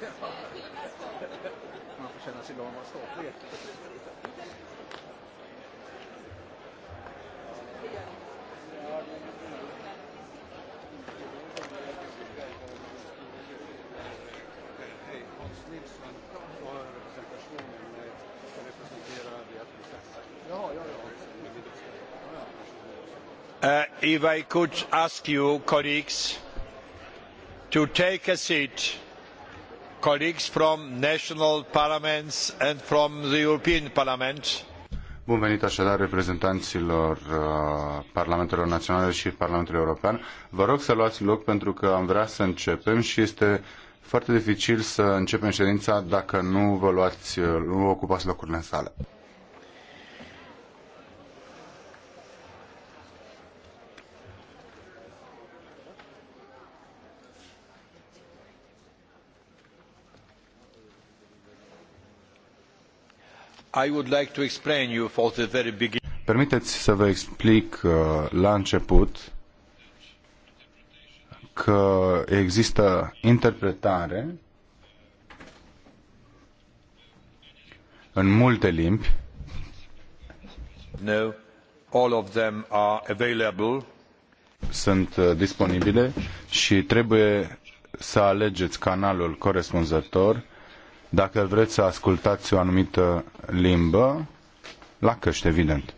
Man får känna sig glad och stolthet. Er. Uh, if I could ask you, colleagues, to take a seat colleagues from national parliaments and from the European Parliament. Bun venit așadar reprezentanților uh, Parlamentelor Naționale și Parlamentului European. Vă rog să luați loc pentru că am vrea să începem și este foarte dificil să începem ședința dacă nu vă luați, uh, nu ocupați locurile în sală. Permiteți să vă explic uh, la început că există interpretare în multe limbi. No, all of them are available. Sunt uh, disponibile și trebuie să alegeți canalul corespunzător dacă vreți să ascultați o anumită limbă, la căști, evident.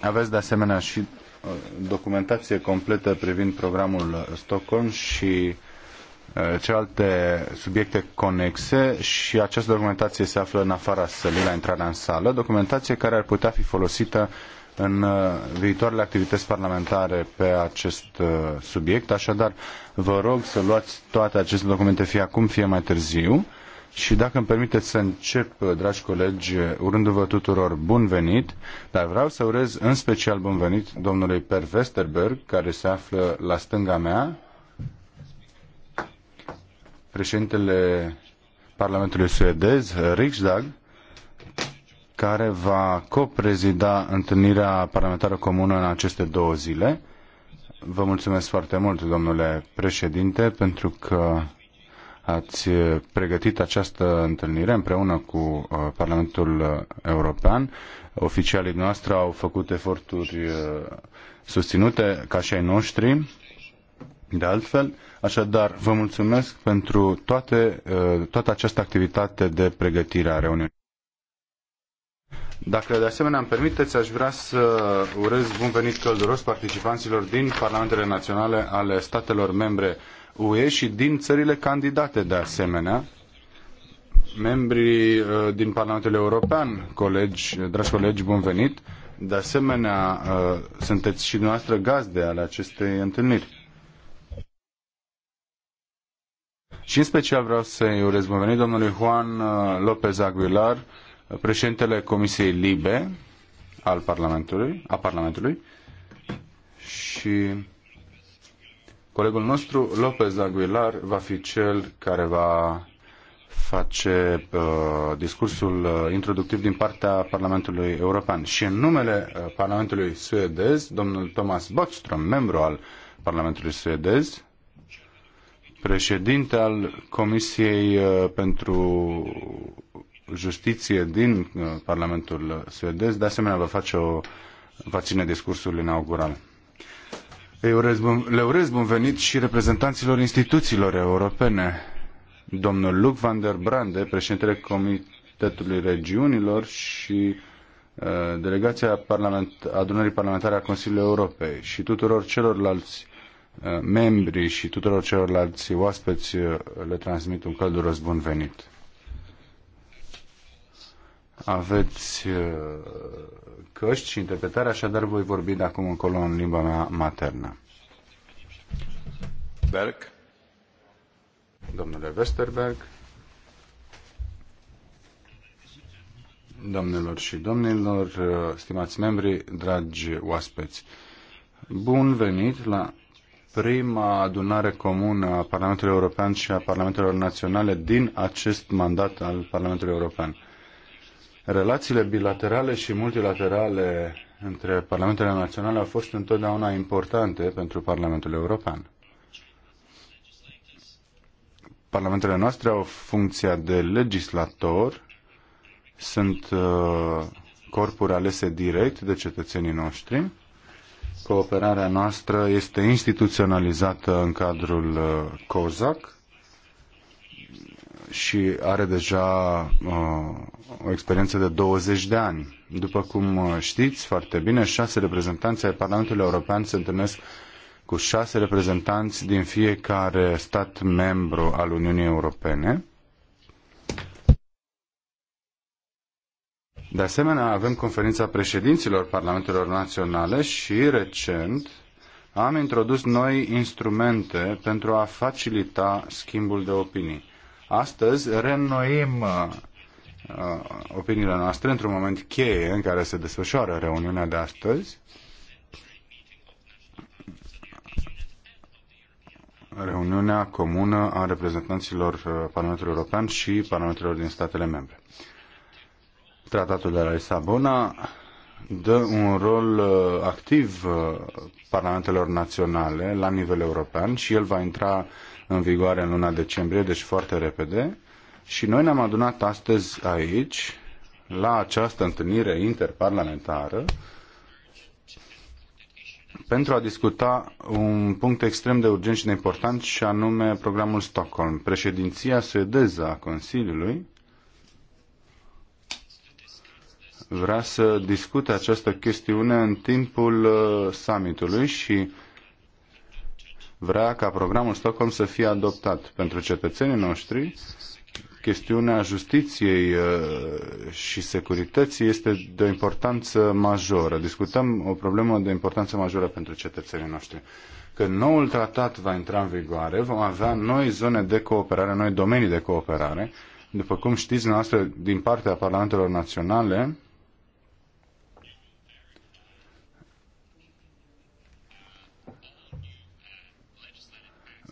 Aveți de asemenea și uh, documentație completă privind programul uh, Stockholm și uh, celelalte subiecte conexe și această documentație se află în afara sălii, la intrarea în sală, documentație care ar putea fi folosită în uh, viitoarele activități parlamentare pe acest uh, subiect. Așadar, vă rog să luați toate aceste documente fie acum, fie mai târziu. Și dacă îmi permiteți să încep, uh, dragi colegi, urându-vă tuturor bun venit, dar vreau să urez în special bun venit domnului Per Westerberg, care se află la stânga mea, președintele Parlamentului suedez, Riksdag, care va coprezida întâlnirea parlamentară comună în aceste două zile. Vă mulțumesc foarte mult, domnule președinte, pentru că ați pregătit această întâlnire împreună cu uh, Parlamentul European. Oficialii noastre au făcut eforturi uh, susținute ca și ai noștri. De altfel, așadar, vă mulțumesc pentru toate, uh, toată această activitate de pregătire a reuniunii. Dacă de asemenea îmi permiteți, aș vrea să urez bun venit călduros participanților din Parlamentele Naționale ale statelor membre UE și din țările candidate de asemenea, membrii uh, din Parlamentul European, colegi, dragi colegi, bun venit. De asemenea, uh, sunteți și dumneavoastră gazde ale acestei întâlniri. Și în special vreau să-i urez bun venit domnului Juan uh, López Aguilar, președintele Comisiei Libe al Parlamentului, a Parlamentului și colegul nostru, Lopez Aguilar, va fi cel care va face uh, discursul uh, introductiv din partea Parlamentului European. Și în numele uh, Parlamentului suedez, domnul Thomas Botström, membru al Parlamentului suedez, președinte al Comisiei uh, pentru Justiție din uh, Parlamentul suedez. De asemenea, va, face o, va ține discursul inaugural. Eu urez bun, le urez bun venit și reprezentanților instituțiilor europene. Domnul Luc van der Brande, președintele Comitetului Regiunilor și uh, delegația parlament, adunării parlamentare a Consiliului Europei și tuturor celorlalți uh, membri și tuturor celorlalți oaspeți uh, le transmit un călduros bun venit aveți uh, căști și interpretare, așadar voi vorbi de acum încolo în limba mea maternă. Berg. Domnule Westerberg. Domnilor și domnilor, uh, stimați membri, dragi oaspeți, bun venit la prima adunare comună a Parlamentului European și a Parlamentelor Naționale din acest mandat al Parlamentului European. Relațiile bilaterale și multilaterale între parlamentele naionale au fost întotdeauna importante pentru Parlamentul European. Parlamentele noastre au funcția de legislator, sunt uh, corpuri alese direct de cetățenii noștri. Cooperarea noastră este instituționalizată în cadrul uh, COSAC, și are deja uh, o experiență de 20 de ani. După cum uh, știți foarte bine, șase reprezentanți ai Parlamentului European se întâlnesc cu șase reprezentanți din fiecare stat membru al Uniunii Europene. De asemenea, avem conferința președinților Parlamentelor Naționale și, recent, am introdus noi instrumente pentru a facilita schimbul de opinii. Astăzi reînnoim uh, uh, opiniile noastre într-un moment cheie în care se desfășoară reuniunea de astăzi. Reuniunea comună a reprezentanților uh, Parlamentului European și Parlamentelor din statele membre. Tratatul de la Lisabona dă un rol activ parlamentelor naționale la nivel european și el va intra în vigoare în luna decembrie, deci foarte repede. Și noi ne-am adunat astăzi aici, la această întâlnire interparlamentară, pentru a discuta un punct extrem de urgent și de important și anume programul Stockholm. Președinția suedeză a Consiliului vrea să discute această chestiune în timpul uh, summitului și vrea ca programul Stockholm să fie adoptat. Pentru cetățenii noștri, chestiunea justiției uh, și securității este de o importanță majoră. Discutăm o problemă de importanță majoră pentru cetățenii noștri. Când noul tratat va intra în vigoare, vom avea noi zone de cooperare, noi domenii de cooperare. După cum știți, noastră, din partea Parlamentelor Naționale,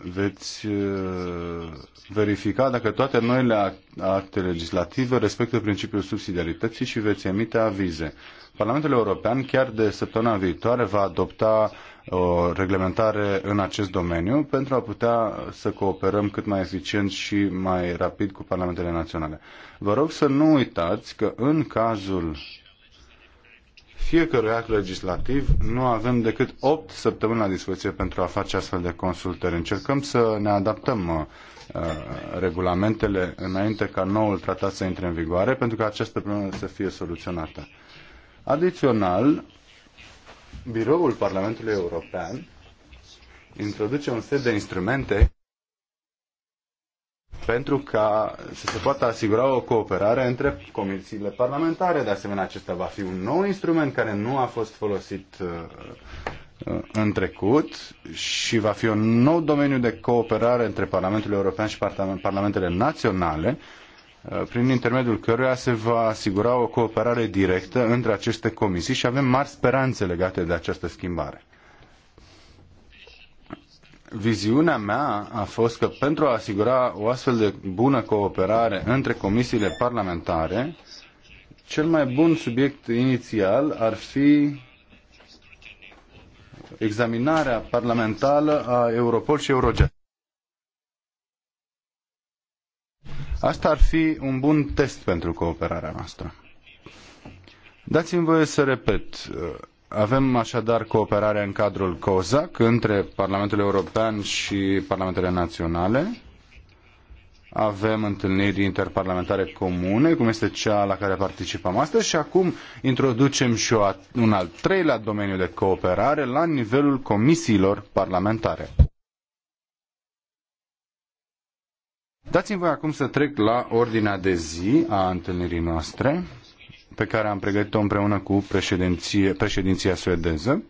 veți uh, verifica dacă toate noile acte legislative respectă principiul subsidiarității și veți emite avize. Parlamentul European chiar de săptămâna viitoare va adopta o reglementare în acest domeniu pentru a putea să cooperăm cât mai eficient și mai rapid cu parlamentele naționale. Vă rog să nu uitați că în cazul fiecărui act legislativ nu avem decât 8 săptămâni la dispoziție pentru a face astfel de consultări. Încercăm să ne adaptăm uh, uh, regulamentele înainte ca noul tratat să intre în vigoare pentru ca această problemă să fie soluționată. Adițional, Biroul Parlamentului European introduce un set de instrumente pentru ca să se poată asigura o cooperare între comisiile parlamentare. De asemenea, acesta va fi un nou instrument care nu a fost folosit uh, uh, în trecut și va fi un nou domeniu de cooperare între Parlamentul European și Parlamentele Naționale, uh, prin intermediul căruia se va asigura o cooperare directă între aceste comisii și avem mari speranțe legate de această schimbare viziunea mea a fost că pentru a asigura o astfel de bună cooperare între comisiile parlamentare, cel mai bun subiect inițial ar fi examinarea parlamentară a Europol și Eurojet. Asta ar fi un bun test pentru cooperarea noastră. Dați-mi voie să repet avem așadar cooperare în cadrul COSAC între Parlamentul European și Parlamentele Naționale. Avem întâlniri interparlamentare comune, cum este cea la care participăm astăzi și acum introducem și un al treilea domeniu de cooperare la nivelul comisiilor parlamentare. Dați-mi voi acum să trec la ordinea de zi a întâlnirii noastre pe care am pregătit-o împreună cu președinție, președinția suedeză.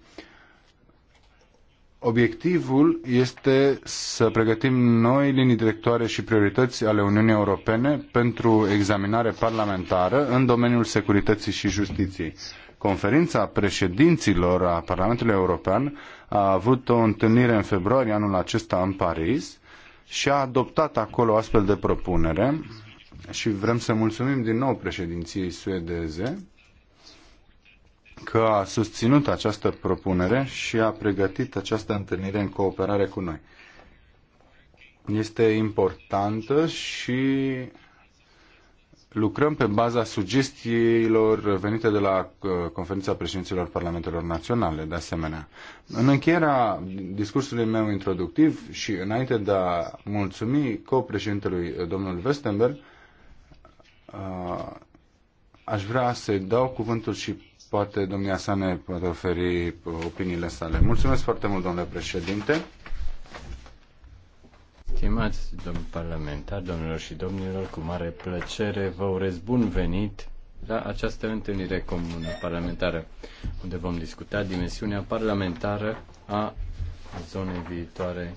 Obiectivul este să pregătim noi linii directoare și priorități ale Uniunii Europene pentru examinare parlamentară în domeniul securității și justiției. Conferința președinților a Parlamentului European a avut o întâlnire în februarie anul acesta în Paris și a adoptat acolo astfel de propunere și vrem să mulțumim din nou președinției suedeze că a susținut această propunere și a pregătit această întâlnire în cooperare cu noi. Este importantă și lucrăm pe baza sugestiilor venite de la uh, Conferința Președinților Parlamentelor Naționale, de asemenea. În încheierea discursului meu introductiv și înainte de a mulțumi copreședintelui uh, domnul Westenberg, Uh, aș vrea să-i dau cuvântul și poate domnia sa ne poate oferi opiniile sale. Mulțumesc foarte mult, domnule președinte. Stimați domn parlamentar, domnilor și domnilor, cu mare plăcere vă urez bun venit la această întâlnire comună parlamentară, unde vom discuta dimensiunea parlamentară a zonei viitoare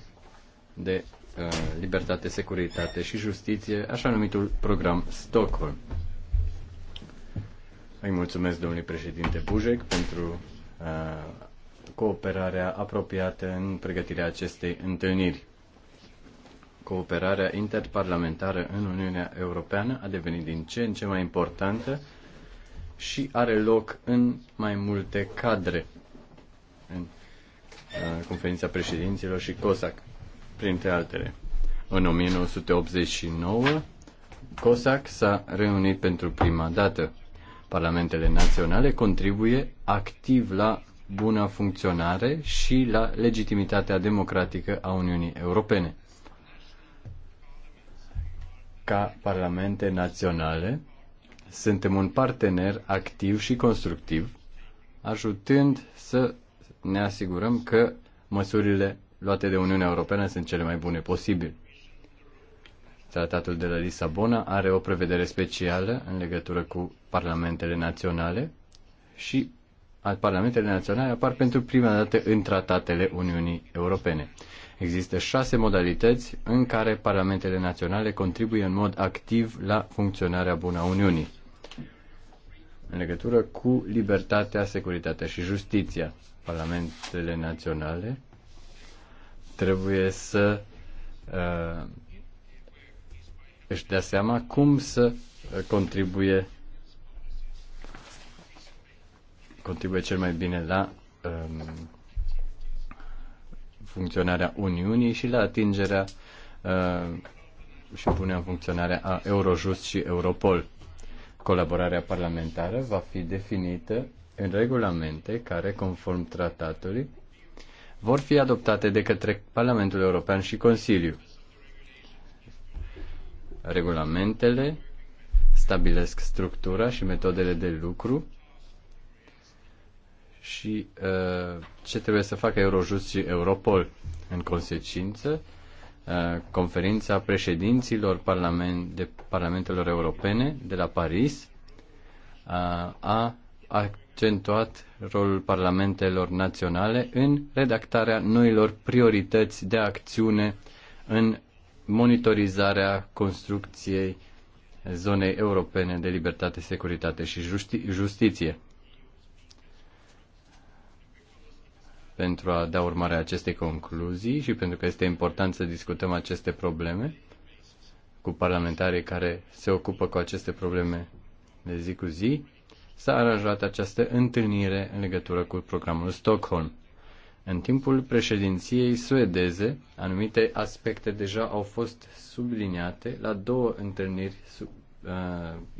de Uh, libertate, securitate și justiție, așa numitul program Stockholm. Îi mulțumesc domnului președinte Bujec pentru uh, cooperarea apropiată în pregătirea acestei întâlniri. Cooperarea interparlamentară în Uniunea Europeană a devenit din ce în ce mai importantă și are loc în mai multe cadre în uh, conferința președinților și COSAC printre altele. În 1989, COSAC s-a reunit pentru prima dată. Parlamentele naționale contribuie activ la buna funcționare și la legitimitatea democratică a Uniunii Europene. Ca parlamente naționale, suntem un partener activ și constructiv, ajutând să ne asigurăm că măsurile luate de Uniunea Europeană sunt cele mai bune posibil. Tratatul de la Lisabona are o prevedere specială în legătură cu parlamentele naționale și parlamentele naționale apar pentru prima dată în tratatele Uniunii Europene. Există șase modalități în care parlamentele naționale contribuie în mod activ la funcționarea bună a Uniunii în legătură cu libertatea, securitatea și justiția. Parlamentele naționale trebuie să uh, își dea seama cum să contribuie contribuie cel mai bine la um, funcționarea Uniunii și la atingerea uh, și punerea în funcționare a Eurojust și Europol. Colaborarea parlamentară va fi definită în regulamente care, conform tratatului, vor fi adoptate de către Parlamentul European și Consiliu. Regulamentele stabilesc structura și metodele de lucru și uh, ce trebuie să facă Eurojust și Europol. În consecință, uh, conferința președinților parlament, de parlamentelor europene de la Paris uh, a, a accentuat rolul parlamentelor naționale în redactarea noilor priorități de acțiune în monitorizarea construcției zonei europene de libertate, securitate și justi- justiție. Pentru a da urmare acestei concluzii și pentru că este important să discutăm aceste probleme cu parlamentarii care se ocupă cu aceste probleme de zi cu zi, s-a aranjat această întâlnire în legătură cu programul Stockholm. În timpul președinției suedeze, anumite aspecte deja au fost subliniate la două întâlniri sub, uh,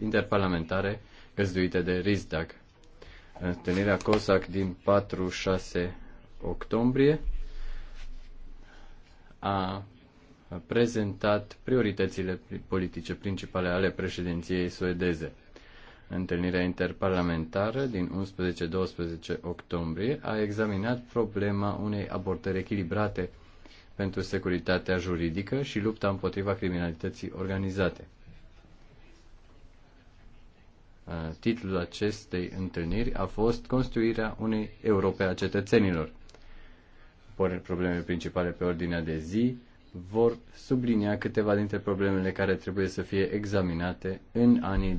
interparlamentare găzduite de Rizdag. Întâlnirea COSAC din 4-6 octombrie a prezentat prioritățile politice principale ale președinției suedeze întâlnirea interparlamentară din 11-12 octombrie a examinat problema unei abordări echilibrate pentru securitatea juridică și lupta împotriva criminalității organizate. Titlul acestei întâlniri a fost Construirea unei Europe a cetățenilor. Probleme principale pe ordinea de zi vor sublinia câteva dintre problemele care trebuie să fie examinate în anii 2010-2014.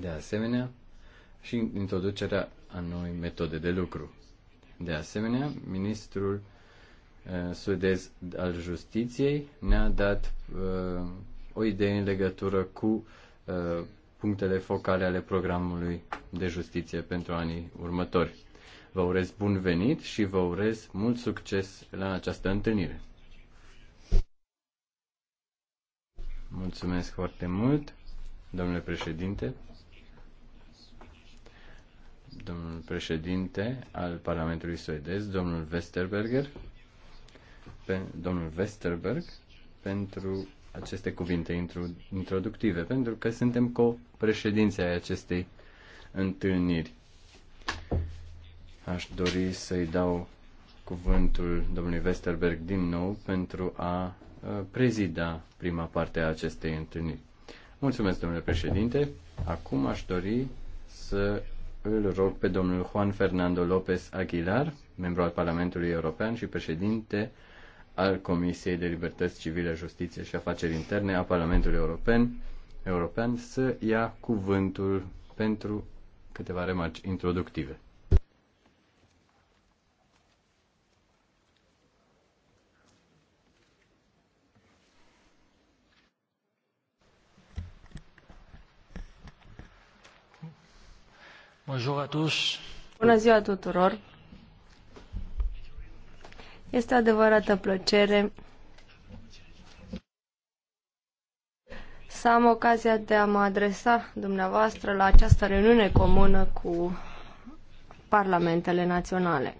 De asemenea, și introducerea a noi metode de lucru. De asemenea, ministrul uh, suedez al justiției ne-a dat uh, o idee în legătură cu uh, punctele focale ale programului de justiție pentru anii următori. Vă urez bun venit și vă urez mult succes la această întâlnire. Mulțumesc foarte mult, domnule președinte. Domnul președinte al Parlamentului Suedez, domnul Westerberger, pe, domnul Westerberg, pentru aceste cuvinte introductive, pentru că suntem co-președinții acestei întâlniri. Aș dori să-i dau cuvântul domnului Westerberg din nou pentru a prezida prima parte a acestei întâlniri. Mulțumesc, domnule președinte. Acum aș dori să îl rog pe domnul Juan Fernando López Aguilar, membru al Parlamentului European și președinte al Comisiei de Libertăți Civile, Justiție și Afaceri Interne a Parlamentului European, European să ia cuvântul pentru câteva remarci introductive. Bonjour à tous. Bună ziua tuturor. Este o adevărată plăcere să am ocazia de a mă adresa dumneavoastră la această reuniune comună cu parlamentele naționale,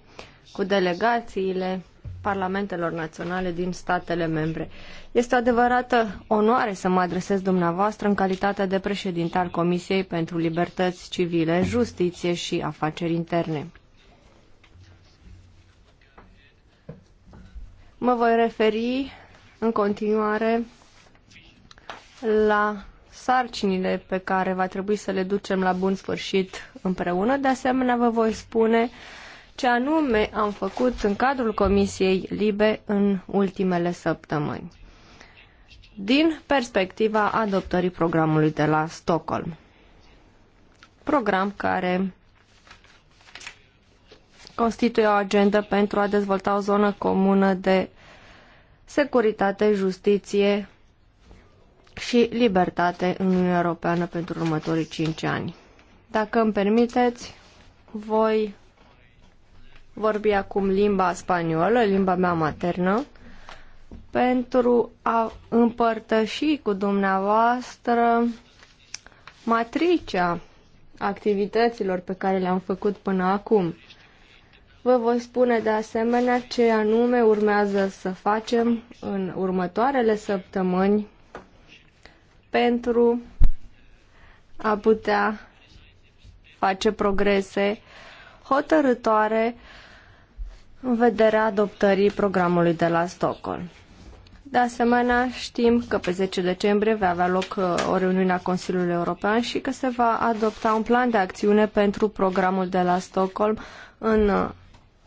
cu delegațiile parlamentelor naționale din statele membre. Este o adevărată onoare să mă adresez dumneavoastră în calitate de președinte al Comisiei pentru Libertăți Civile, Justiție și Afaceri Interne. Mă voi referi în continuare la sarcinile pe care va trebui să le ducem la bun sfârșit împreună. De asemenea, vă voi spune uh, ce anume am făcut în cadrul Comisiei Libe în ultimele săptămâni din perspectiva adoptării programului de la Stockholm. Program care constituie o agendă pentru a dezvolta o zonă comună de securitate, justiție și libertate în Uniunea Europeană pentru următorii 5 ani. Dacă îmi permiteți, voi vorbi acum limba spaniolă, limba mea maternă, pentru a împărtăși cu dumneavoastră matricea activităților pe care le-am făcut până acum. Vă voi spune de asemenea ce anume urmează să facem în următoarele săptămâni pentru a putea face progrese hotărătoare în vederea adoptării programului de la Stockholm. De asemenea, știm că pe 10 decembrie va avea loc uh, o reuniune a Consiliului European și că se va adopta un plan de acțiune pentru programul de la Stockholm în uh,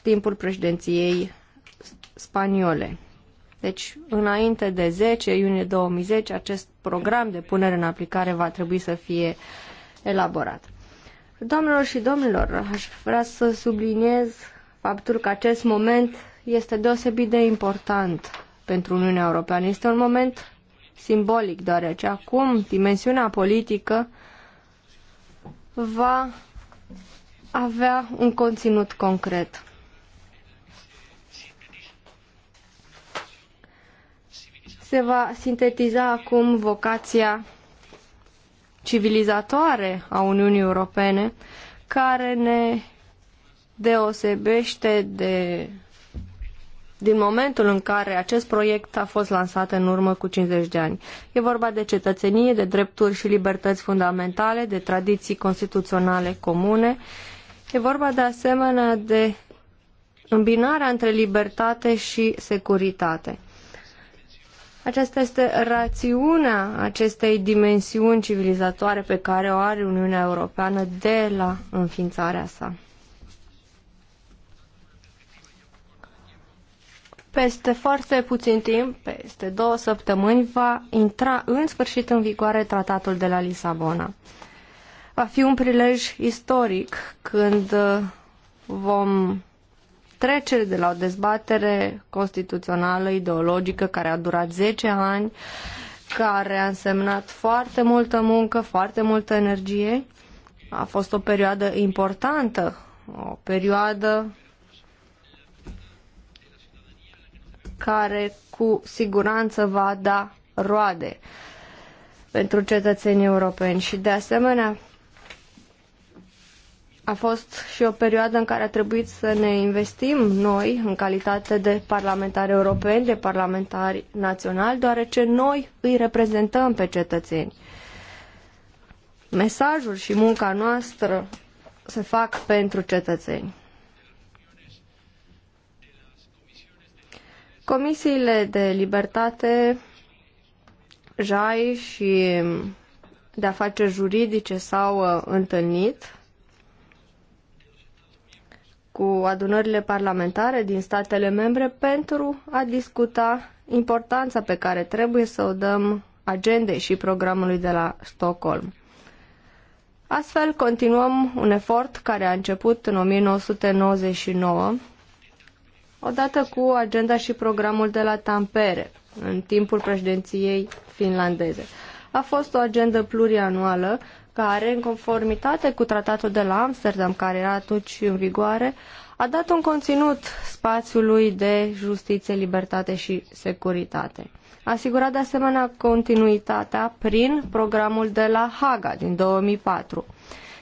timpul președinției spaniole. Deci, înainte de 10 iunie 2010, acest program de punere în aplicare va trebui să fie elaborat. Doamnelor și domnilor, aș vrea să subliniez faptul că acest moment este deosebit de important pentru Uniunea Europeană. Este un moment simbolic, deoarece acum dimensiunea politică va avea un conținut concret. Se va sintetiza acum vocația civilizatoare a Uniunii Europene, care ne deosebește de din momentul în care acest proiect a fost lansat în urmă cu 50 de ani. E vorba de cetățenie, de drepturi și libertăți fundamentale, de tradiții constituționale comune. E vorba de asemenea de îmbinarea între libertate și securitate. Aceasta este rațiunea acestei dimensiuni civilizatoare pe care o are Uniunea Europeană de la înființarea sa. peste foarte puțin timp, peste două săptămâni, va intra în sfârșit în vigoare tratatul de la Lisabona. Va fi un prilej istoric când uh, vom trece de la o dezbatere constituțională, ideologică, care a durat 10 ani, care a însemnat foarte multă muncă, foarte multă energie. A fost o perioadă importantă, o perioadă care cu siguranță va da roade pentru cetățenii europeni. Și de asemenea, a fost și o perioadă în care a trebuit să ne investim noi în calitate de parlamentari europeni, de parlamentari naționali, deoarece noi îi reprezentăm pe cetățeni. Mesajul și munca noastră se fac pentru cetățeni. Comisiile de libertate, JAI și de afaceri juridice s-au uh, întâlnit cu adunările parlamentare din statele membre pentru a discuta importanța pe care trebuie să o dăm agendei și programului de la Stockholm. Astfel, continuăm un efort care a început în 1999 odată cu agenda și programul de la Tampere, în timpul președinției finlandeze. A fost o agendă plurianuală care, în conformitate cu tratatul de la Amsterdam, care era atunci în vigoare, a dat un conținut spațiului de justiție, libertate și securitate. A asigurat de asemenea continuitatea prin programul de la Haga din 2004.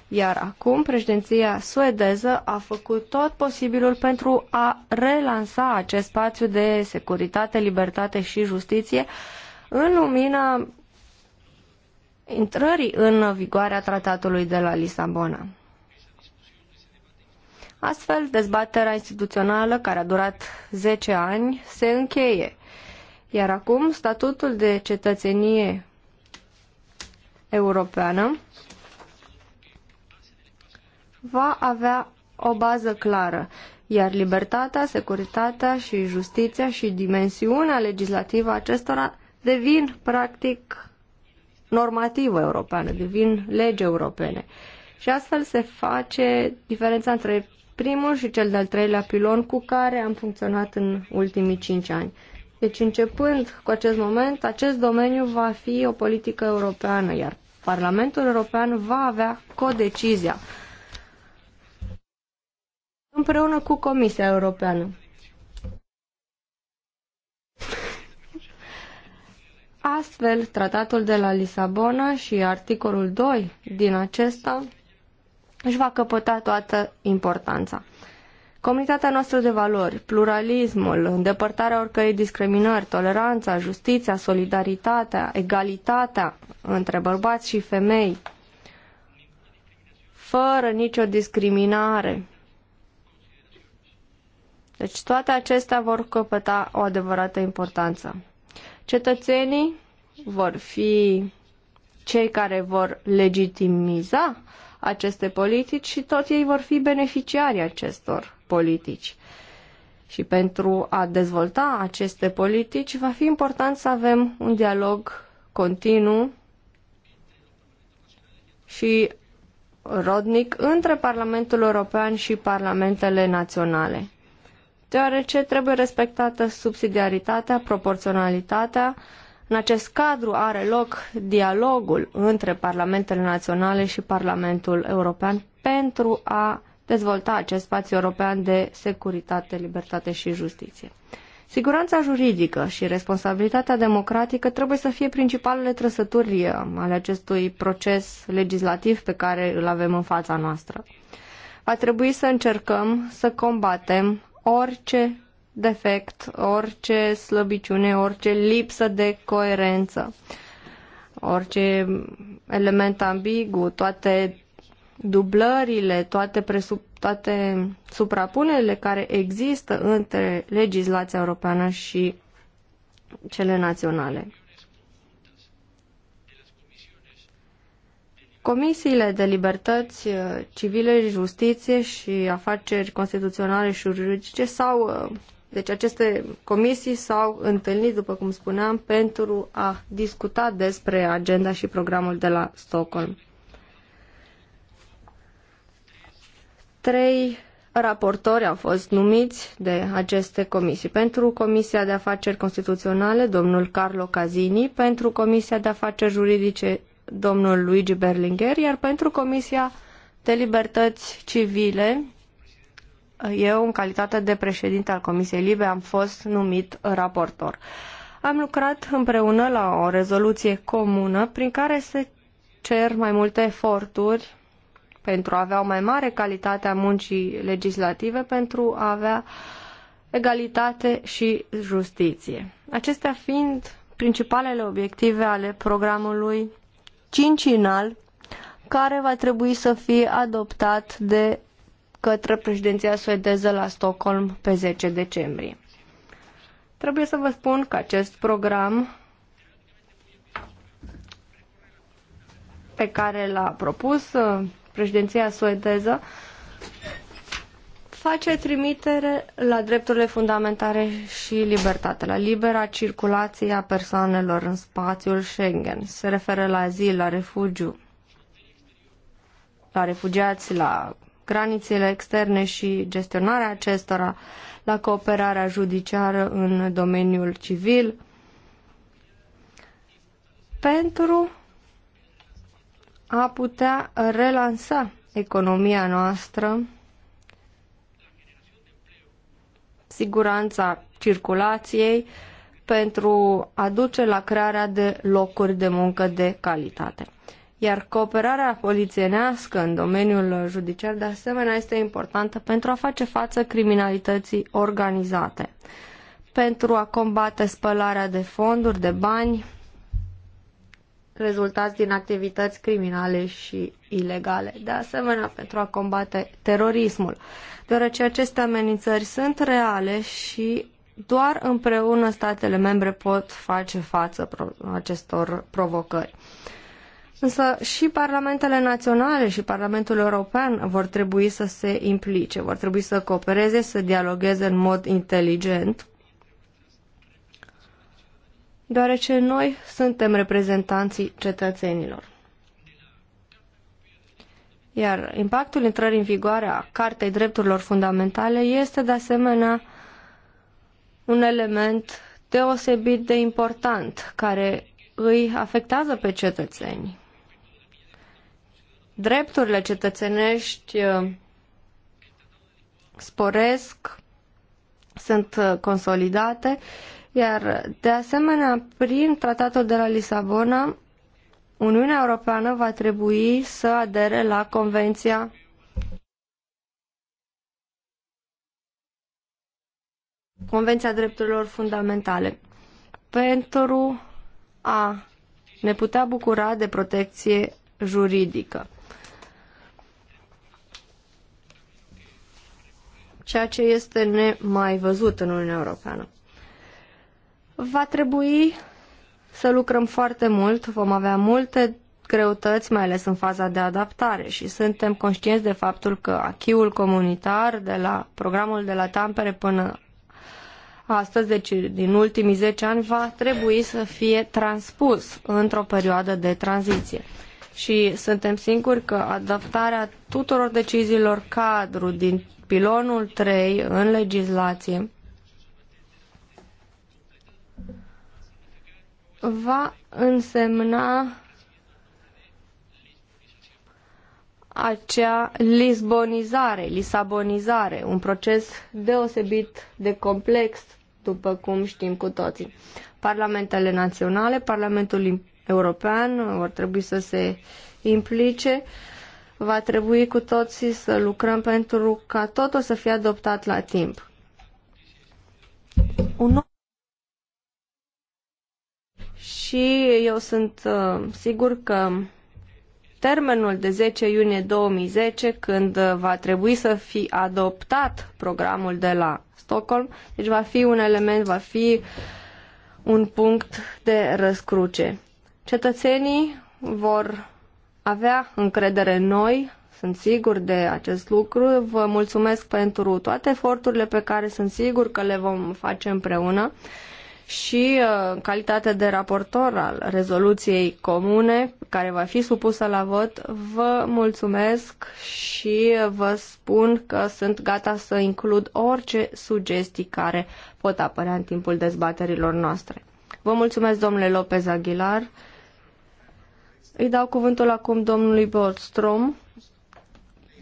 Iar acum președinția suedeză a făcut tot posibilul pentru a relansa acest spațiu de securitate, libertate și justiție în lumina intrării în vigoare a tratatului de la Lisabona. Astfel, dezbaterea instituțională, care a durat 10 ani, se încheie. Iar acum, statutul de cetățenie europeană va avea o bază clară, iar libertatea, securitatea și justiția și dimensiunea legislativă acestora devin practic normativă europeană, devin legi europene. Și astfel se face diferența între primul și cel de-al treilea pilon cu care am funcționat în ultimii cinci ani. Deci începând cu acest moment, acest domeniu va fi o politică europeană, iar Parlamentul European va avea codecizia împreună cu Comisia Europeană. Astfel, tratatul de la Lisabona și articolul 2 din acesta își va căpăta toată importanța. Comunitatea noastră de valori, pluralismul, îndepărtarea oricărei discriminări, toleranța, justiția, solidaritatea, egalitatea între bărbați și femei, fără nicio discriminare, deci toate acestea vor căpăta o adevărată importanță. Cetățenii vor fi cei care vor legitimiza aceste politici și tot ei vor fi beneficiarii acestor politici. Și pentru a dezvolta aceste politici va fi important să avem un dialog continuu și rodnic între Parlamentul European și Parlamentele Naționale deoarece trebuie respectată subsidiaritatea, proporționalitatea. În acest cadru are loc dialogul între parlamentele naționale și Parlamentul European pentru a dezvolta acest spațiu european de securitate, libertate și justiție. Siguranța juridică și responsabilitatea democratică trebuie să fie principalele trăsături um, ale acestui proces legislativ pe care îl avem în fața noastră. Va trebui să încercăm să combatem orice defect, orice slăbiciune, orice lipsă de coerență, orice element ambigu, toate dublările, toate, presup- toate suprapunerile care există între legislația europeană și cele naționale. Comisiile de libertăți uh, civile, justiție și afaceri constituționale și juridice sau uh, deci aceste comisii s-au întâlnit, după cum spuneam, pentru a discuta despre agenda și programul de la Stockholm. Trei raportori au fost numiți de aceste comisii. Pentru Comisia de Afaceri Constituționale, domnul Carlo Casini, pentru Comisia de Afaceri Juridice, domnul Luigi Berlinger, iar pentru Comisia de Libertăți Civile, eu, în calitate de președinte al Comisiei Libe, am fost numit raportor. Am lucrat împreună la o rezoluție comună prin care se cer mai multe eforturi pentru a avea o mai mare calitate a muncii legislative, pentru a avea egalitate și justiție. Acestea fiind principalele obiective ale programului cincinal care va trebui să fie adoptat de către președinția suedeză la Stockholm pe 10 decembrie. Trebuie să vă spun că acest program pe care l-a propus uh, președinția suedeză face trimitere la drepturile fundamentare și libertate, la libera circulație a persoanelor în spațiul Schengen. Se referă la azil, la refugiu, la refugiați, la granițele externe și gestionarea acestora, la cooperarea judiciară în domeniul civil, pentru a putea relansa economia noastră siguranța circulației pentru a duce la crearea de locuri de muncă de calitate. Iar cooperarea polițienească în domeniul judiciar de asemenea este importantă pentru a face față criminalității organizate, pentru a combate spălarea de fonduri, de bani, rezultați din activități criminale și ilegale. De asemenea, pentru a combate terorismul, deoarece aceste amenințări sunt reale și doar împreună statele membre pot face față acestor provocări. Însă și parlamentele naționale și Parlamentul European vor trebui să se implice, vor trebui să coopereze, să dialogueze în mod inteligent deoarece noi suntem reprezentanții cetățenilor. Iar impactul intrării în vigoare a Cartei Drepturilor Fundamentale este de asemenea un element deosebit de important care îi afectează pe cetățeni. Drepturile cetățenești uh, sporesc, sunt uh, consolidate iar, de asemenea, prin tratatul de la Lisabona, Uniunea Europeană va trebui să adere la Convenția Convenția Drepturilor Fundamentale pentru a ne putea bucura de protecție juridică. Ceea ce este nemai văzut în Uniunea Europeană. Va trebui să lucrăm foarte mult, vom avea multe greutăți, mai ales în faza de adaptare și suntem conștienți de faptul că achiul comunitar de la programul de la Tampere până astăzi, deci din ultimii 10 ani, va trebui să fie transpus într-o perioadă de tranziție. Și suntem singuri că adaptarea tuturor deciziilor cadru din pilonul 3 în legislație va însemna acea lisbonizare, lisabonizare, un proces deosebit de complex, după cum știm cu toții. Parlamentele naționale, Parlamentul European vor trebui să se implice, va trebui cu toții să lucrăm pentru ca totul să fie adoptat la timp. Un și eu sunt uh, sigur că termenul de 10 iunie 2010, când uh, va trebui să fi adoptat programul de la Stockholm, deci va fi un element, va fi un punct de răscruce. Cetățenii vor avea încredere în noi, sunt sigur de acest lucru. Vă mulțumesc pentru toate eforturile pe care sunt sigur că le vom face împreună și uh, în calitate de raportor al rezoluției comune care va fi supusă la vot, vă mulțumesc și vă spun că sunt gata să includ orice sugestii care pot apărea în timpul dezbaterilor noastre. Vă mulțumesc, domnule Lopez Aguilar. Îi dau cuvântul acum domnului Bordstrom,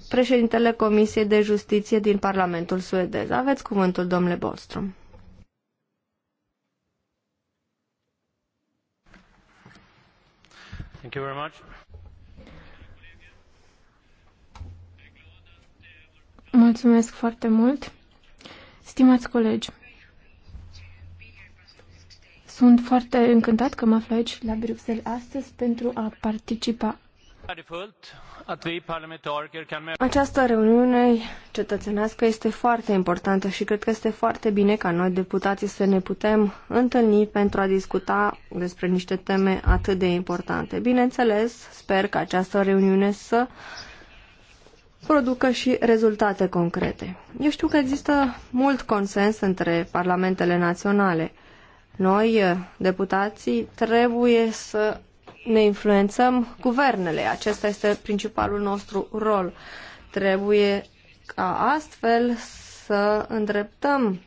președintele Comisiei de Justiție din Parlamentul Suedez. Aveți cuvântul, domnule Bordstrom. Thank you very much. Mulțumesc foarte mult. Stimați colegi, sunt foarte încântat că mă aflu aici la Bruxelles astăzi pentru a participa această reuniune cetățenească este foarte importantă și cred că este foarte bine ca noi, deputații, să ne putem întâlni pentru a discuta despre niște teme atât de importante. Bineînțeles, sper că această reuniune să producă și rezultate concrete. Eu știu că există mult consens între parlamentele naționale. Noi, deputații, trebuie să ne influențăm guvernele. Acesta este principalul nostru rol. Trebuie ca astfel să îndreptăm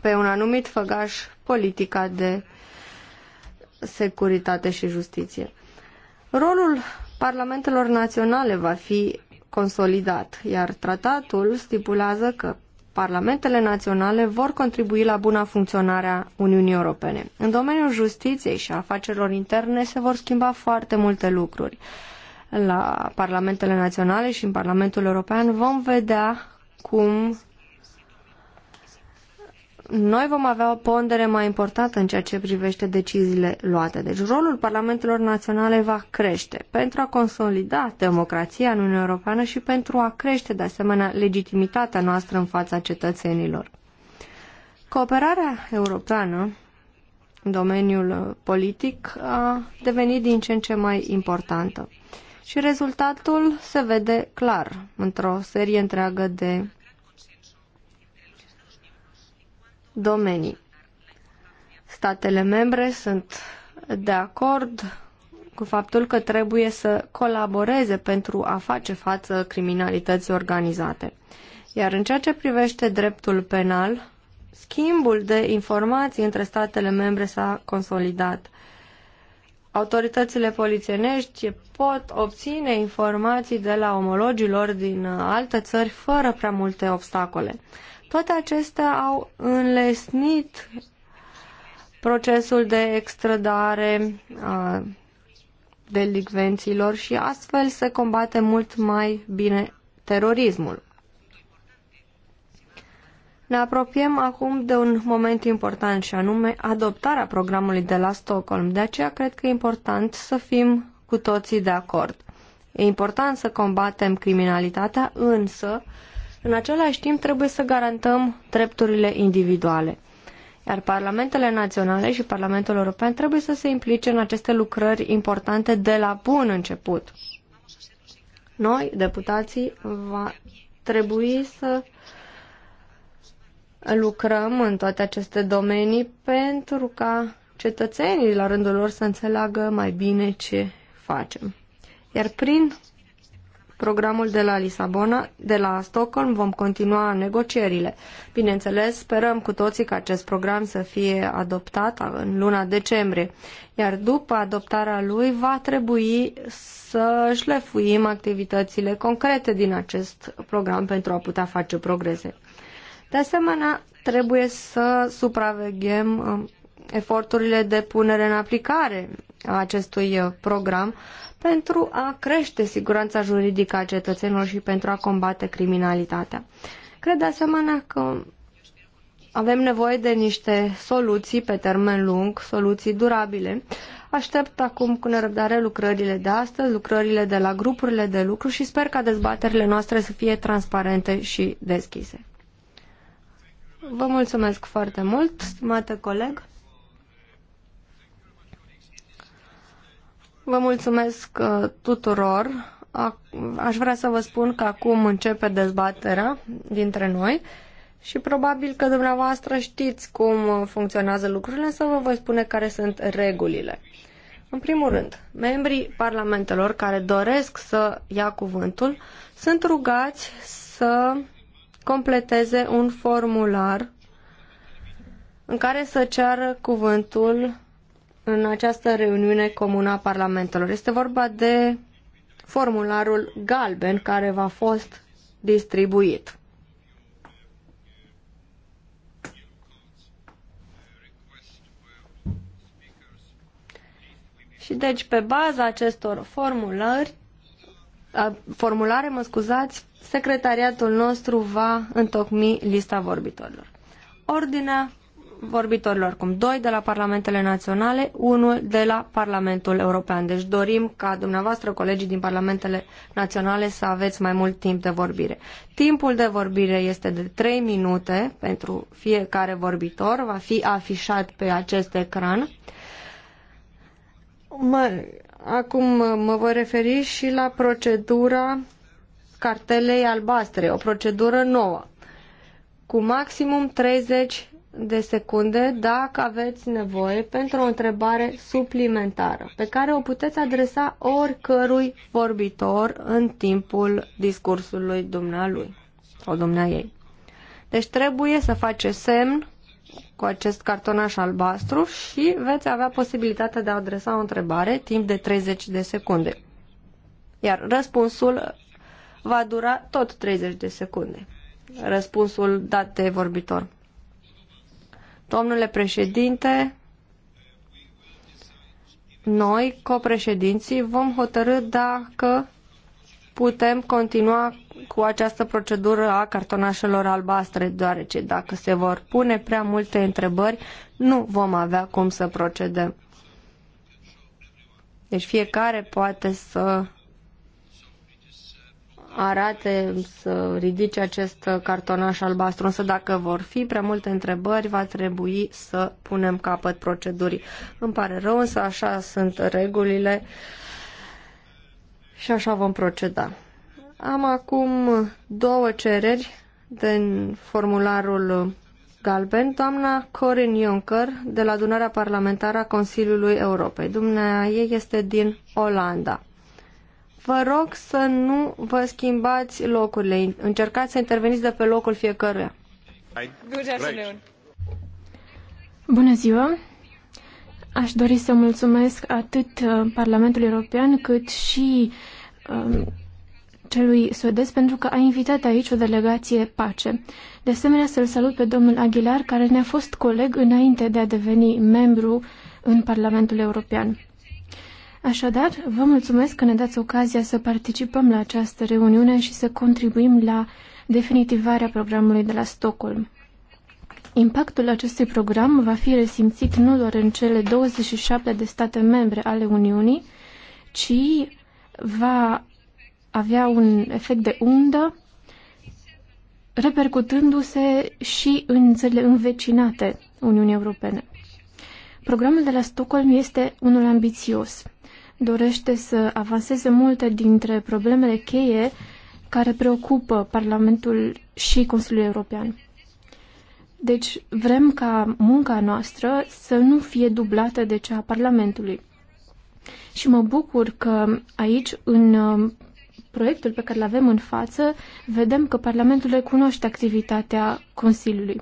pe un anumit făgaș politica de securitate și justiție. Rolul parlamentelor naționale va fi consolidat, iar tratatul stipulează că parlamentele naționale vor contribui la buna funcționare a Uniunii Europene. În domeniul justiției și afacerilor interne se vor schimba foarte multe lucruri. La parlamentele naționale și în Parlamentul European vom vedea cum noi vom avea o pondere mai importantă în ceea ce privește deciziile luate. Deci rolul parlamentelor naționale va crește pentru a consolida democrația în Uniunea Europeană și pentru a crește de asemenea legitimitatea noastră în fața cetățenilor. Cooperarea europeană în domeniul politic a devenit din ce în ce mai importantă și rezultatul se vede clar într-o serie întreagă de domenii. Statele membre sunt de acord cu faptul că trebuie să colaboreze pentru a face față criminalității organizate. Iar în ceea ce privește dreptul penal, schimbul de informații între statele membre s-a consolidat. Autoritățile polițienești pot obține informații de la omologilor din alte țări fără prea multe obstacole. Toate acestea au înlesnit procesul de extradare a delicvenților și astfel se combate mult mai bine terorismul. Ne apropiem acum de un moment important și anume adoptarea programului de la Stockholm. De aceea cred că e important să fim cu toții de acord. E important să combatem criminalitatea, însă în același timp, trebuie să garantăm drepturile individuale. Iar parlamentele naționale și Parlamentul European trebuie să se implice în aceste lucrări importante de la bun început. Noi, deputații, va trebui să lucrăm în toate aceste domenii pentru ca cetățenii la rândul lor să înțeleagă mai bine ce facem. Iar prin programul de la Lisabona, de la Stockholm, vom continua negocierile. Bineînțeles, sperăm cu toții că acest program să fie adoptat în luna decembrie, iar după adoptarea lui va trebui să șlefuim activitățile concrete din acest program pentru a putea face progrese. De asemenea, trebuie să supraveghem um, eforturile de punere în aplicare a acestui uh, program pentru a crește siguranța juridică a cetățenilor și pentru a combate criminalitatea. Cred de asemenea că avem nevoie de niște soluții pe termen lung, soluții durabile. Aștept acum cu nerăbdare lucrările de astăzi, lucrările de la grupurile de lucru și sper ca dezbaterile noastre să fie transparente și deschise. Vă mulțumesc foarte mult, stimate coleg. Vă mulțumesc uh, tuturor. Aș vrea să vă spun că acum începe dezbaterea dintre noi și probabil că dumneavoastră știți cum uh, funcționează lucrurile, însă vă voi spune care sunt regulile. În primul rând, membrii parlamentelor care doresc să ia cuvântul sunt rugați să completeze un formular în care să ceară cuvântul în această reuniune comună a parlamentelor. Este vorba de formularul galben care va fost distribuit. Și deci pe baza acestor formulări, formulare, mă scuzați, secretariatul nostru va întocmi lista vorbitorilor. Ordinea vorbitorilor cum doi de la parlamentele naționale, unul de la Parlamentul European. Deci dorim ca dumneavoastră, colegii din parlamentele naționale, să aveți mai mult timp de vorbire. Timpul de vorbire este de trei minute pentru fiecare vorbitor, va fi afișat pe acest ecran. Mă, acum mă voi referi și la procedura cartelei albastre, o procedură nouă cu maximum 30 de secunde dacă aveți nevoie pentru o întrebare suplimentară pe care o puteți adresa oricărui vorbitor în timpul discursului dumnealui sau dumneaei. Deci trebuie să face semn cu acest cartonaș albastru și veți avea posibilitatea de a adresa o întrebare timp de 30 de secunde. Iar răspunsul va dura tot 30 de secunde. Răspunsul dat de vorbitor. Domnule președinte, noi, copreședinții, vom hotărâ dacă putem continua cu această procedură a cartonașelor albastre, deoarece dacă se vor pune prea multe întrebări, nu vom avea cum să procedăm. Deci fiecare poate să arate, să ridice acest cartonaș albastru, însă dacă vor fi prea multe întrebări, va trebui să punem capăt procedurii. Îmi pare rău, însă așa sunt regulile și așa vom proceda. Am acum două cereri din formularul galben, doamna Corin Juncker, de la adunarea parlamentară a Consiliului Europei. Dumnea ei este din Olanda. Vă rog să nu vă schimbați locurile. Încercați să interveniți de pe locul fiecăruia. Bună ziua! Aș dori să mulțumesc atât uh, Parlamentului European cât și um, celui suedez pentru că a invitat aici o delegație pace. De asemenea, să-l salut pe domnul Aguilar, care ne-a fost coleg înainte de a deveni membru în Parlamentul European. Așadar, vă mulțumesc că ne dați ocazia să participăm la această reuniune și să contribuim la definitivarea programului de la Stockholm. Impactul acestui program va fi resimțit nu doar în cele 27 de state membre ale Uniunii, ci va avea un efect de undă repercutându-se și în țările învecinate Uniunii Europene. Programul de la Stockholm este unul ambițios dorește să avanseze multe dintre problemele cheie care preocupă Parlamentul și Consiliul European. Deci vrem ca munca noastră să nu fie dublată de cea a Parlamentului. Și mă bucur că aici, în uh, proiectul pe care îl avem în față, vedem că Parlamentul recunoaște activitatea Consiliului.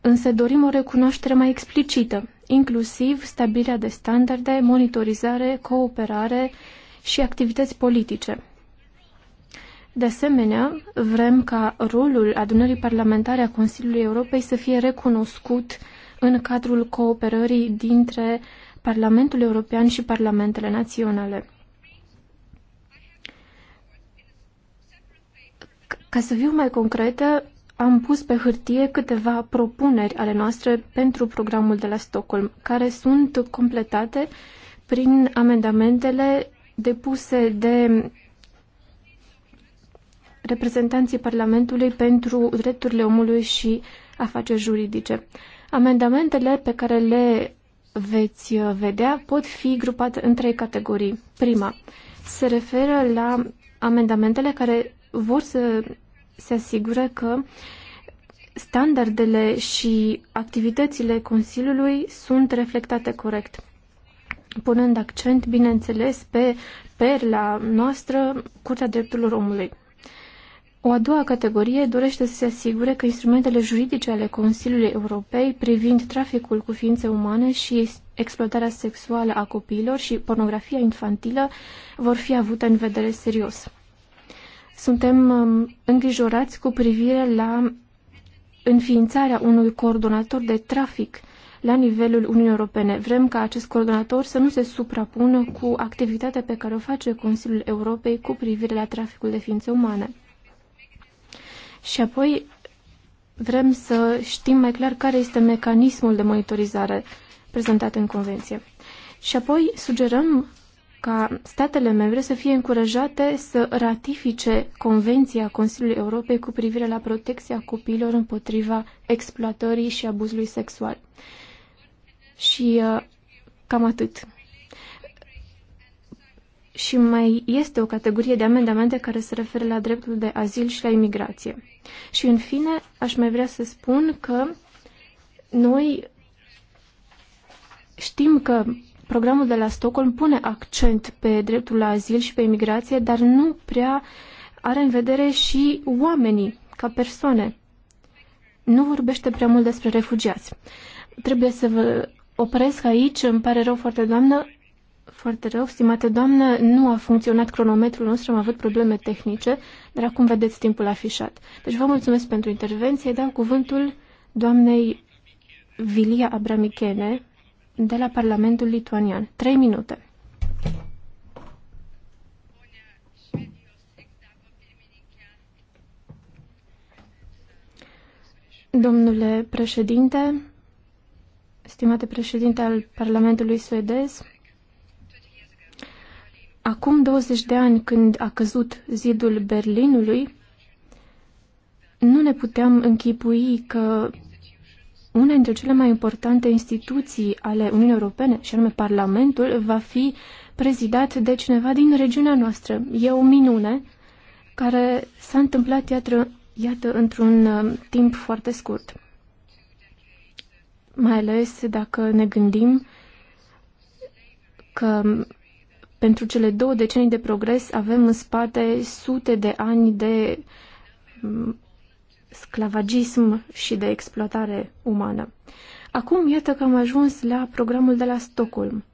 Însă dorim o recunoaștere mai explicită inclusiv stabilirea de standarde, monitorizare, cooperare și activități politice. De asemenea, vrem ca rolul adunării parlamentare a Consiliului Europei să fie recunoscut în cadrul cooperării dintre Parlamentul European și Parlamentele Naționale. Ca să fiu mai concretă, am pus pe hârtie câteva propuneri ale noastre pentru programul de la Stockholm, care sunt completate prin amendamentele depuse de reprezentanții Parlamentului pentru drepturile omului și afaceri juridice. Amendamentele pe care le veți uh, vedea pot fi grupate în trei categorii. Prima se referă la amendamentele care vor să se asigure că standardele și activitățile Consiliului sunt reflectate corect, punând accent, bineînțeles, pe perla noastră, Curtea Drepturilor Omului. O a doua categorie dorește să se asigure că instrumentele juridice ale Consiliului Europei privind traficul cu ființe umane și exploatarea sexuală a copiilor și pornografia infantilă vor fi avute în vedere serios. Suntem um, îngrijorați cu privire la înființarea unui coordonator de trafic la nivelul Uniunii Europene. Vrem ca acest coordonator să nu se suprapună cu activitatea pe care o face Consiliul Europei cu privire la traficul de ființe umane. Și apoi vrem să știm mai clar care este mecanismul de monitorizare prezentat în Convenție. Și apoi sugerăm ca statele membre să fie încurajate să ratifice Convenția Consiliului Europei cu privire la protecția copiilor împotriva exploatării și abuzului sexual. Și uh, cam atât. Și mai este o categorie de amendamente care se referă la dreptul de azil și la imigrație. Și în fine, aș mai vrea să spun că noi știm că Programul de la Stockholm pune accent pe dreptul la azil și pe imigrație, dar nu prea are în vedere și oamenii ca persoane. Nu vorbește prea mult despre refugiați. Trebuie să vă opresc aici, îmi pare rău foarte doamnă, foarte rău, stimată doamnă, nu a funcționat cronometrul nostru, am avut probleme tehnice, dar acum vedeți timpul afișat. Deci vă mulțumesc pentru intervenție, dau cuvântul doamnei Vilia Abramichene, de la Parlamentul Lituanian. Trei minute. Domnule președinte, stimate președinte al Parlamentului suedez, acum 20 de ani când a căzut zidul Berlinului, nu ne puteam închipui că una dintre cele mai importante instituții ale Uniunii Europene, și anume Parlamentul, va fi prezidat de cineva din regiunea noastră. E o minune care s-a întâmplat, iată, iată într-un uh, timp foarte scurt. Mai ales dacă ne gândim că um, pentru cele două decenii de progres avem în spate sute de ani de um, sclavagism și de exploatare umană. Acum, iată că am ajuns la programul de la Stockholm.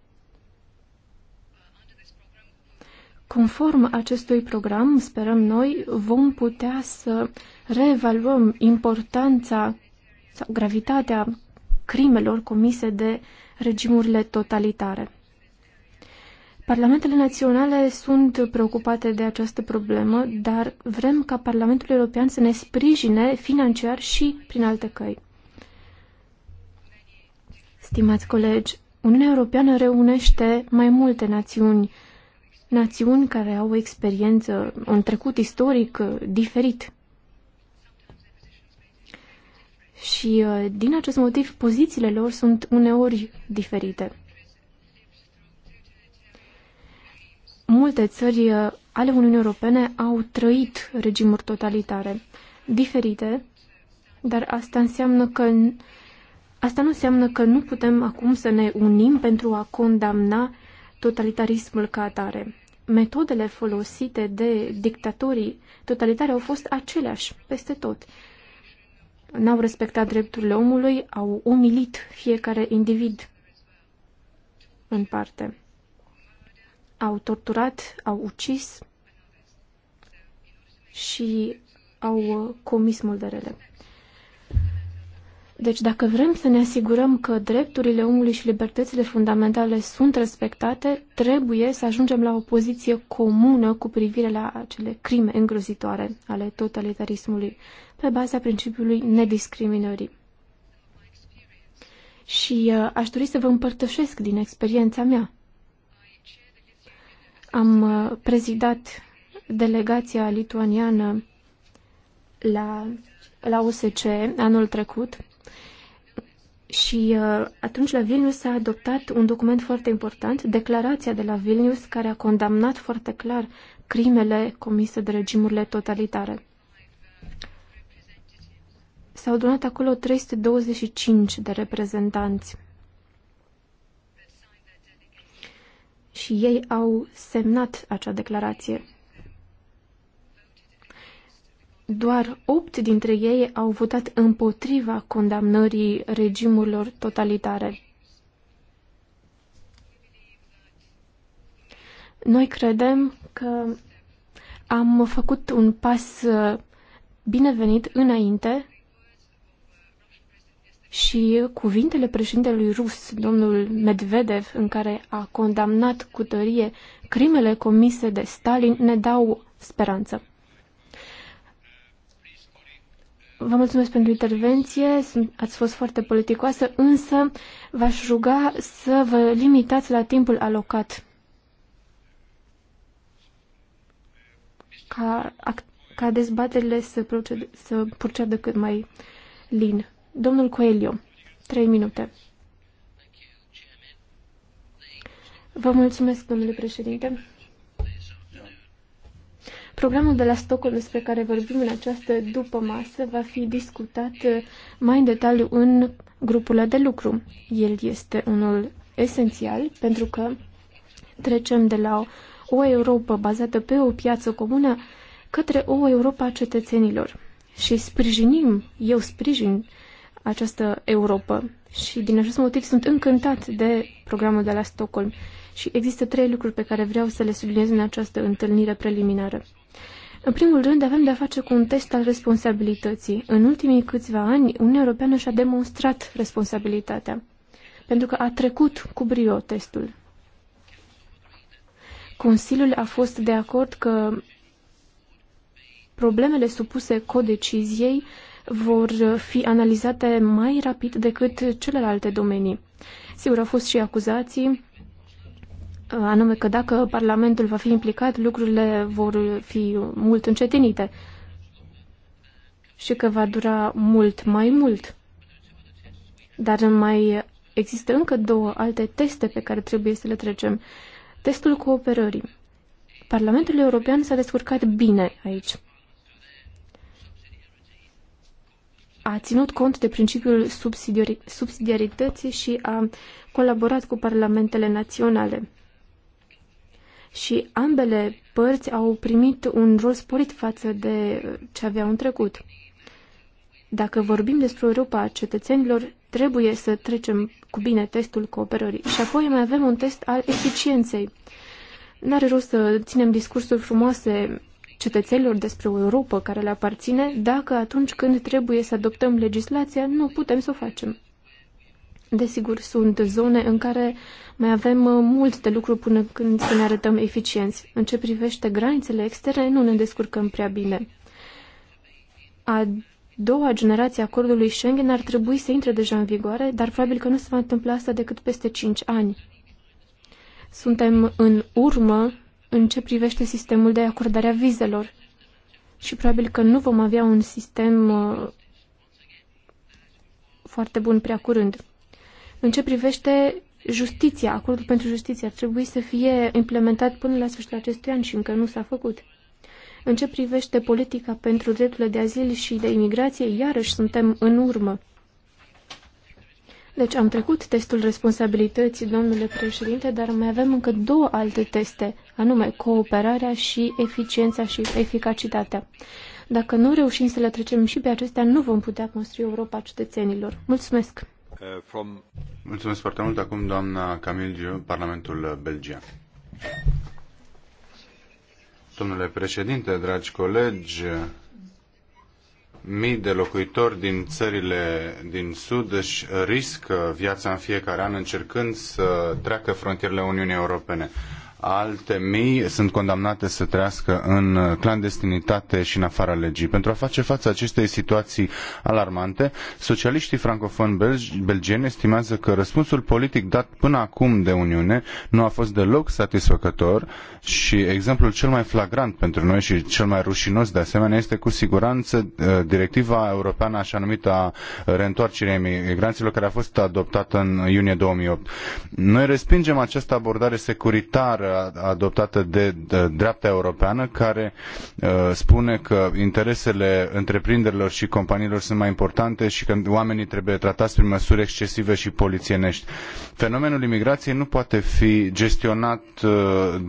Conform acestui program, sperăm noi, vom putea să reevaluăm importanța sau gravitatea crimelor comise de regimurile totalitare. Parlamentele naționale sunt preocupate de această problemă, dar vrem ca Parlamentul European să ne sprijine financiar și prin alte căi. Stimați colegi, Uniunea Europeană reunește mai multe națiuni, națiuni care au o experiență, un trecut istoric uh, diferit. Și uh, din acest motiv, pozițiile lor sunt uneori diferite. multe țări uh, ale Uniunii Europene au trăit regimuri totalitare diferite, dar asta înseamnă că asta nu înseamnă că nu putem acum să ne unim pentru a condamna totalitarismul ca atare. Metodele folosite de dictatorii totalitare au fost aceleași peste tot. N-au respectat drepturile omului, au umilit fiecare individ în parte au torturat, au ucis și au uh, comis mult Deci dacă vrem să ne asigurăm că drepturile omului și libertățile fundamentale sunt respectate, trebuie să ajungem la o poziție comună cu privire la acele crime îngrozitoare ale totalitarismului, pe baza principiului nediscriminării. Și uh, aș dori să vă împărtășesc din experiența mea. Am uh, prezidat delegația lituaniană la, la OSC anul trecut și uh, atunci la Vilnius s-a adoptat un document foarte important, declarația de la Vilnius, care a condamnat foarte clar crimele comise de regimurile totalitare. S-au donat acolo 325 de reprezentanți și ei au semnat acea declarație. Doar opt dintre ei au votat împotriva condamnării regimurilor totalitare. Noi credem că am făcut un pas uh, binevenit înainte și cuvintele președintelui rus, domnul Medvedev, în care a condamnat cu tărie crimele comise de Stalin, ne dau speranță. Vă mulțumesc pentru intervenție, ați fost foarte politicoasă, însă v-aș ruga să vă limitați la timpul alocat. Ca, ca dezbaterile să, procede, să procedă cât mai lin. Domnul Coelio, trei minute. Vă mulțumesc, domnule președinte. Programul de la Stockholm despre care vorbim în această după masă va fi discutat mai în detaliu în grupurile de lucru. El este unul esențial pentru că trecem de la o Europa bazată pe o piață comună către o Europa a cetățenilor. Și sprijinim, eu sprijin această Europa și din acest motiv sunt încântat de programul de la Stockholm. Și există trei lucruri pe care vreau să le subliniez în această întâlnire preliminară. În primul rând, avem de-a face cu un test al responsabilității. În ultimii câțiva ani, Uniunea Europeană și-a demonstrat responsabilitatea, pentru că a trecut cu brio testul. Consiliul a fost de acord că problemele supuse codeciziei uh, vor fi analizate mai rapid decât celelalte domenii. Sigur, au fost și acuzații, anume că dacă Parlamentul va fi implicat, lucrurile vor fi mult încetinite și că va dura mult mai mult. Dar mai există încă două alte teste pe care trebuie să le trecem. Testul cooperării. Parlamentul European s-a descurcat bine aici. a ținut cont de principiul subsidiarității și a colaborat cu parlamentele naționale. Și ambele părți au primit un rol sporit față de ce aveau în trecut. Dacă vorbim despre Europa a cetățenilor, trebuie să trecem cu bine testul cooperării. Și apoi mai avem un test al eficienței. N-are rost să ținem discursuri frumoase cetățenilor despre o Europa care le aparține, dacă atunci când trebuie să adoptăm legislația, nu putem să o facem. Desigur, sunt zone în care mai avem uh, mult de lucru până când să ne arătăm eficienți. În ce privește granițele externe, nu ne descurcăm prea bine. A doua generație a acordului Schengen ar trebui să intre deja în vigoare, dar probabil că nu se va întâmpla asta decât peste 5 ani. Suntem în urmă în ce privește sistemul de acordare a vizelor. Și probabil că nu vom avea un sistem uh, foarte bun prea curând. În ce privește justiția, acordul pentru justiție ar trebui să fie implementat până la sfârșitul acestui an și încă nu s-a făcut. În ce privește politica pentru drepturile de azil și de imigrație, iarăși suntem în urmă. Deci am trecut testul responsabilității, domnule președinte, dar mai avem încă două alte teste, anume cooperarea și eficiența și eficacitatea. Dacă nu reușim să le trecem și pe acestea, nu vom putea construi Europa cetățenilor. Mulțumesc! From... Mulțumesc foarte mult. Acum doamna Camil Parlamentul Belgia. Domnule președinte, dragi colegi, mii de locuitori din țările din Sud își riscă viața în fiecare an încercând să treacă frontierele Uniunii Europene alte mii sunt condamnate să trăiască în clandestinitate și în afara legii. Pentru a face față acestei situații alarmante, socialiștii francofoni belgieni estimează că răspunsul politic dat până acum de Uniune nu a fost deloc satisfăcător și exemplul cel mai flagrant pentru noi și cel mai rușinos de asemenea este cu siguranță uh, directiva europeană așa numită a reîntoarcerii emigranților care a fost adoptată în iunie 2008. Noi respingem această abordare securitară adoptată de dreapta europeană care uh, spune că interesele întreprinderilor și companiilor sunt mai importante și că oamenii trebuie tratați prin măsuri excesive și polițienești. Fenomenul imigrației nu poate fi gestionat uh,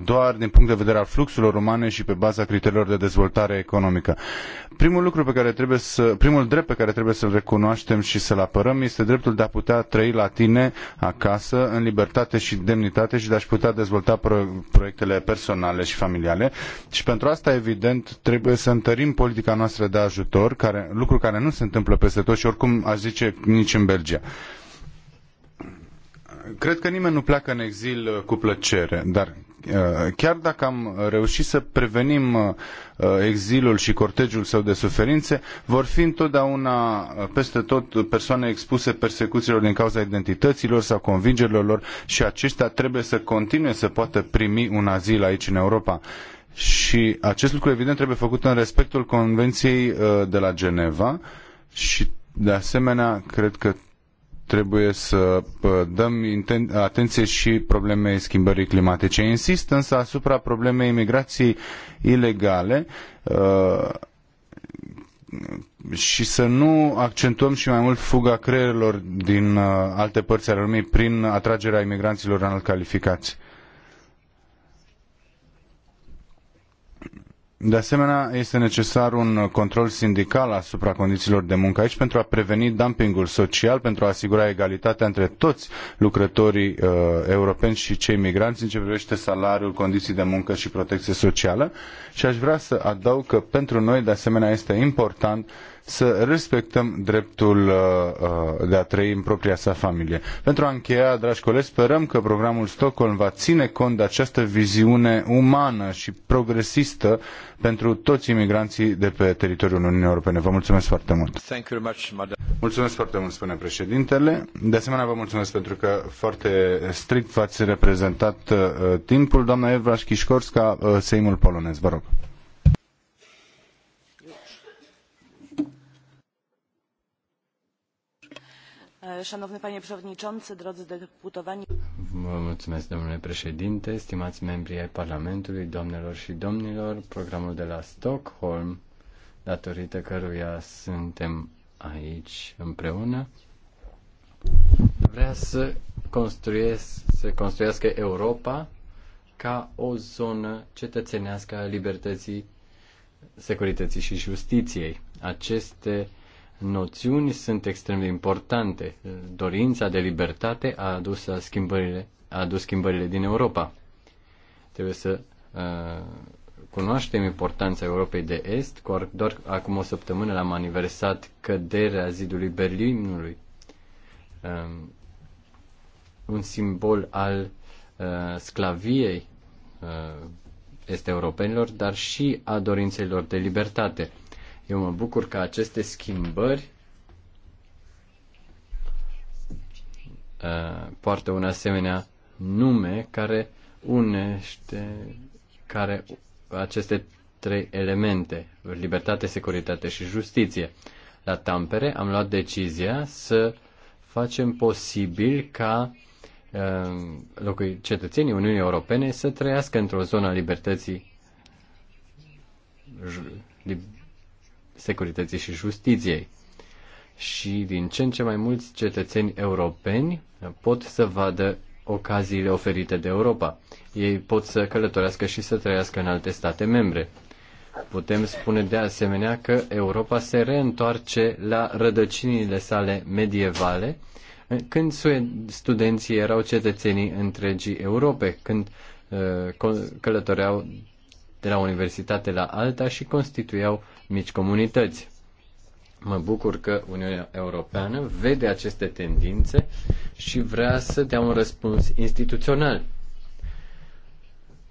doar din punct de vedere al fluxurilor umane și pe baza criteriilor de dezvoltare economică. Primul lucru pe care trebuie să, primul drept pe care trebuie să-l recunoaștem și să-l apărăm este dreptul de a putea trăi la tine acasă, în libertate și demnitate și de a-și putea dezvolta pro, proiectele personale și familiale. Și pentru asta, evident, trebuie să întărim politica noastră de ajutor, care, lucru care nu se întâmplă peste tot și oricum, aș zice, nici în Belgia cred că nimeni nu pleacă în exil uh, cu plăcere, dar uh, chiar dacă am reușit să prevenim uh, exilul și cortegiul său de suferințe, vor fi întotdeauna peste tot persoane expuse persecuțiilor din cauza identităților sau convingerilor lor și aceștia trebuie să continue să poată primi un azil aici în Europa. Și acest lucru evident trebuie făcut în respectul Convenției de la Geneva și de asemenea cred că trebuie să dăm atenție și problemei schimbării climatice. Insist însă asupra problemei imigrației ilegale uh, și să nu accentuăm și mai mult fuga creierilor din uh, alte părți ale lumii prin atragerea imigranților înalt calificați. De asemenea, este necesar un control sindical asupra condițiilor de muncă aici pentru a preveni dumpingul social, pentru a asigura egalitatea între toți lucrătorii uh, europeni și cei migranți în ce privește salariul, condiții de muncă și protecție socială. Și aș vrea să adaug că pentru noi, de asemenea, este important să respectăm dreptul uh, uh, de a trăi în propria sa familie. Pentru a încheia, dragi colegi, sperăm că programul Stockholm va ține cont de această viziune umană și progresistă pentru toți imigranții de pe teritoriul Uniunii Europene. Vă mulțumesc foarte mult! Thank you very much, Mulțumesc foarte mult, spune președintele. De asemenea, vă mulțumesc pentru că foarte strict v-ați reprezentat uh, timpul. Doamna Evra uh, Seimul Polonez, vă rog. Szanowny Panie Przewodniczący, drodzy deputowani. mulțumesc, domnule președinte, stimați membri ai Parlamentului, doamnelor și domnilor, programul de la Stockholm, datorită căruia suntem aici împreună, vrea să, să construiască Europa ca o zonă cetățenească a libertății, securității și justiției. Aceste noțiuni sunt extrem de importante. Dorința de libertate a adus schimbările, a adus schimbările din Europa. Trebuie să uh, cunoaștem importanța Europei de Est. Doar acum o săptămână l-am aniversat căderea zidului Berlinului. Uh, un simbol al uh, sclaviei uh, este europenilor, dar și a dorințelor de libertate eu mă bucur că aceste schimbări uh, poartă un asemenea nume care unește care aceste trei elemente, libertate, securitate și justiție. La Tampere am luat decizia să facem posibil ca uh, locuitorii cetățenii Uniunii Europene să trăiască într-o zonă a libertății securității și justiției. Și din ce în ce mai mulți cetățeni europeni pot să vadă ocaziile oferite de Europa. Ei pot să călătorească și să trăiască în alte state membre. Putem spune de asemenea că Europa se reîntoarce la rădăcinile sale medievale, când studenții erau cetățenii întregii Europe, când uh, călătoreau de la universitate la alta și constituiau mici comunități. Mă bucur că Uniunea Europeană vede aceste tendințe și vrea să dea un răspuns instituțional,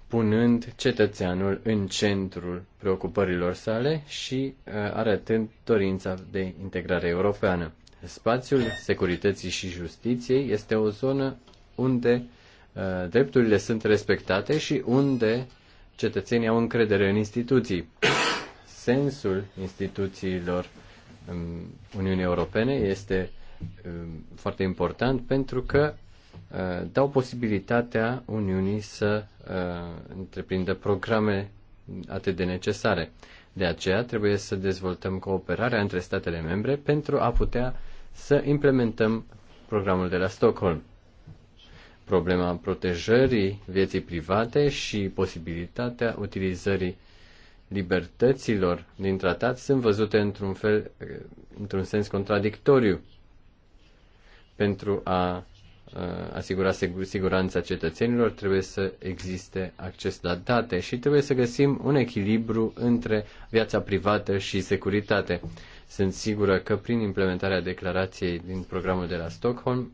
punând cetățeanul în centrul preocupărilor sale și uh, arătând dorința de integrare europeană. Spațiul securității și justiției este o zonă unde uh, drepturile sunt respectate și unde cetățenii au încredere în instituții. Sensul instituțiilor um, Uniunii Europene este um, foarte important pentru că uh, dau posibilitatea Uniunii să uh, întreprindă programe atât de necesare. De aceea trebuie să dezvoltăm cooperarea între statele membre pentru a putea să implementăm programul de la Stockholm problema protejării vieții private și posibilitatea utilizării libertăților din tratat sunt văzute într-un fel, într-un sens contradictoriu pentru a asigura siguranța cetățenilor, trebuie să existe acces la date și trebuie să găsim un echilibru între viața privată și securitate. Sunt sigură că prin implementarea declarației din programul de la Stockholm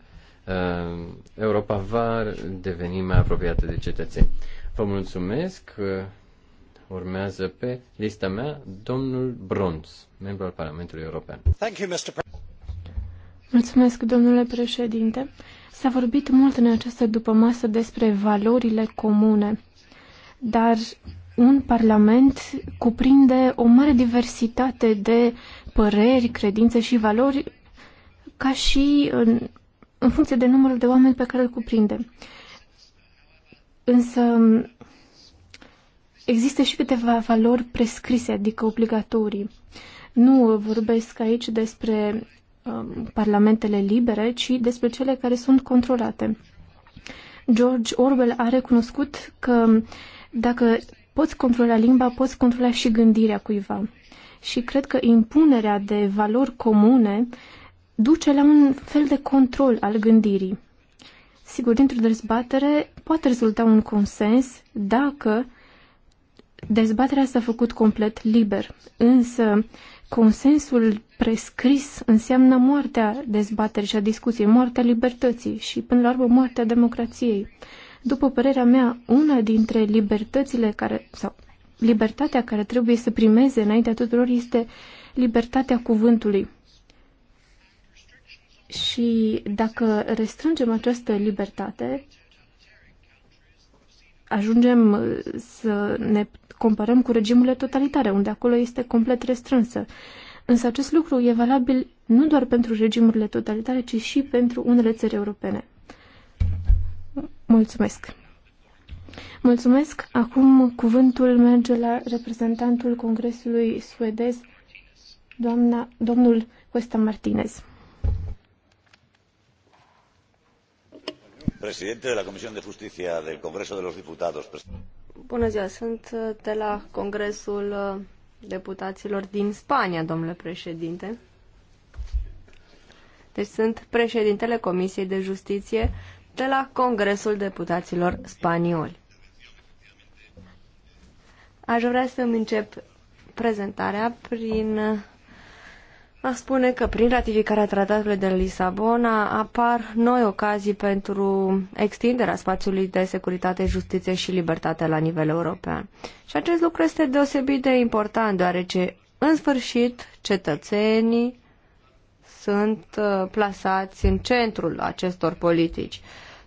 Uh, Europa va deveni mai apropiată de cetățeni. Vă mulțumesc. Uh, urmează pe lista mea domnul Bronz, membru al Parlamentului European. Mulțumesc, domnule președinte. S-a vorbit mult în această dupămasă despre valorile comune, dar un parlament cuprinde o mare diversitate de păreri, credințe și valori ca și în funcție de numărul de oameni pe care îl cuprinde. Însă există și câteva valori prescrise, adică obligatorii. Nu vorbesc aici despre um, parlamentele libere, ci despre cele care sunt controlate. George Orwell a recunoscut că dacă poți controla limba, poți controla și gândirea cuiva. Și cred că impunerea de valori comune duce la un fel de control al gândirii. Sigur, dintr-o dezbatere poate rezulta un consens dacă dezbaterea s-a făcut complet liber, însă consensul prescris înseamnă moartea dezbaterii și a discuției, moartea libertății și, până la urmă, moartea democrației. După părerea mea, una dintre libertățile care, sau libertatea care trebuie să primeze înaintea tuturor este libertatea cuvântului. Și dacă restrângem această libertate, ajungem să ne comparăm cu regimurile totalitare, unde acolo este complet restrânsă. Însă acest lucru e valabil nu doar pentru regimurile totalitare, ci și pentru unele țări europene. Mulțumesc! Mulțumesc! Acum cuvântul merge la reprezentantul Congresului suedez, doamna, domnul Costa Martinez. președinte de la Comisión de Justicia del Congreso de los Diputados. Bună ziua, sunt uh, de la Congresul uh, Deputaților din Spania, domnule președinte. Deci sunt președintele Comisiei de Justiție de la Congresul Deputaților Spanioli. Aș vrea să-mi încep prezentarea prin uh, a spune că prin ratificarea tratatului de Lisabona apar noi ocazii pentru extinderea spațiului de securitate, justiție și libertate la nivel european. Și acest lucru este deosebit de important, deoarece, în sfârșit, cetățenii sunt uh, plasați în centrul acestor politici.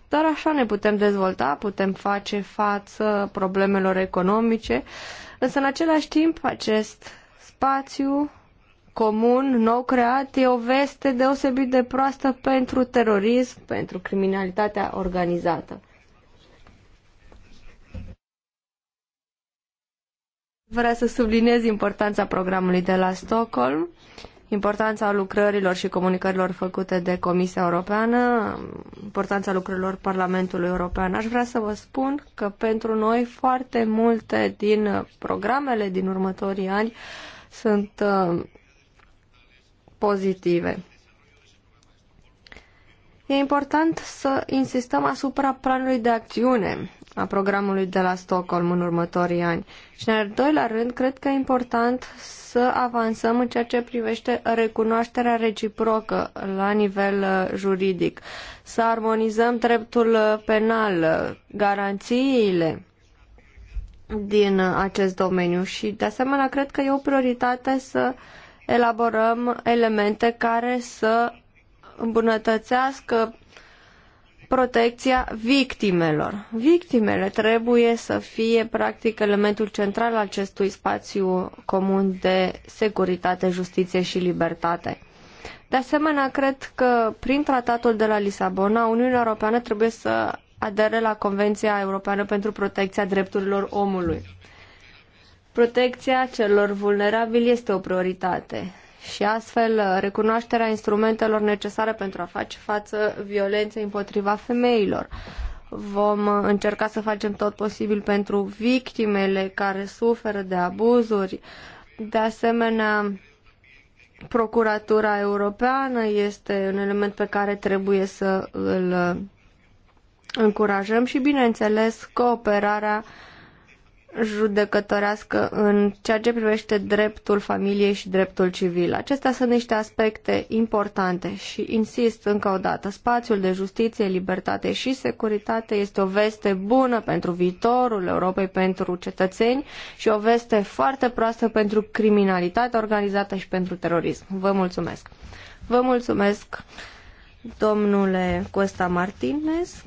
Doar așa ne putem dezvolta, putem face față problemelor economice, însă în același timp acest spațiu comun nou creat e o veste deosebit de proastă pentru terorism, pentru criminalitatea organizată. Vreau să subliniez importanța programului de la Stockholm, importanța lucrărilor și comunicărilor făcute de Comisia Europeană, importanța lucrărilor Parlamentului European. Aș vrea să vă spun că pentru noi foarte multe din programele din următorii ani sunt uh, pozitive. E important să insistăm asupra planului de acțiune a programului de la Stockholm în următorii ani. Și în al doilea rând, cred că e important să avansăm în ceea ce privește recunoașterea reciprocă la nivel uh, juridic, să armonizăm dreptul uh, penal, uh, garanțiile din acest domeniu și, de asemenea, cred că e o prioritate să uh, elaborăm elemente care să îmbunătățească protecția victimelor. Victimele trebuie să fie practic elementul central al acestui spațiu comun de securitate, justiție și libertate. De asemenea, cred că prin tratatul de la Lisabona, Uniunea Europeană trebuie să adere la Convenția Europeană pentru Protecția Drepturilor Omului. Protecția celor vulnerabili este o prioritate și astfel uh, recunoașterea instrumentelor necesare pentru a face față violenței împotriva femeilor. Vom uh, încerca să facem tot posibil pentru victimele care suferă de abuzuri. De asemenea, Procuratura Europeană este un element pe care trebuie să îl uh, încurajăm și, bineînțeles, cooperarea uh, judecătorească în ceea ce privește dreptul familiei și dreptul civil. Acestea sunt niște aspecte importante și insist încă o dată, spațiul de justiție, libertate și securitate este o veste bună pentru viitorul Europei, pentru cetățeni și o veste foarte proastă pentru criminalitatea organizată și pentru terorism. Vă mulțumesc! Vă mulțumesc, domnule Costa Martinez.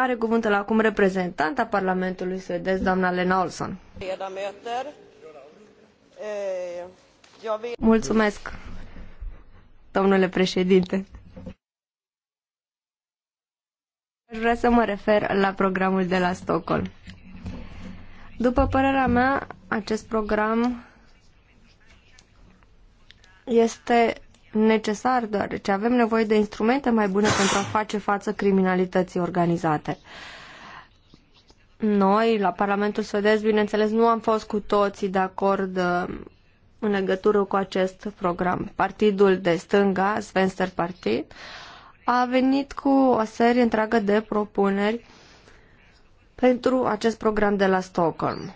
Are cuvântul acum reprezentanta Parlamentului suedez, doamna Lena Olsson. Mulțumesc, domnule președinte. Aș vrea să mă refer la programul de la Stockholm. După părerea mea, acest program este necesar, deoarece avem nevoie de instrumente mai bune pentru a face față criminalității organizate. Noi, la Parlamentul Suedez, bineînțeles, nu am fost cu toții de acord uh, în legătură cu acest program. Partidul de stânga, Svenster Partid, a venit cu o serie întreagă de propuneri pentru acest program de la Stockholm.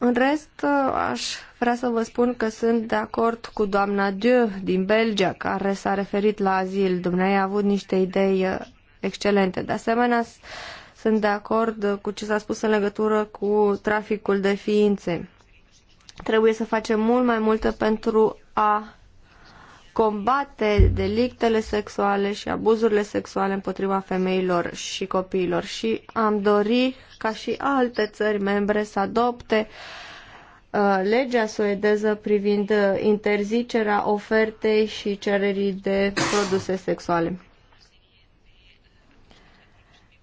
În rest, aș vrea să vă spun că sunt de acord cu doamna Dieu din Belgia, care s-a referit la azil. Dumnezeu a avut niște idei uh, excelente. De asemenea, sunt de acord cu ce s-a spus în legătură cu traficul de ființe. Trebuie să facem mult mai multe pentru a combate delictele sexuale și abuzurile sexuale împotriva femeilor și copiilor și am dori ca și alte țări membre să adopte uh, legea suedeză privind uh, interzicerea ofertei și cererii de produse sexuale.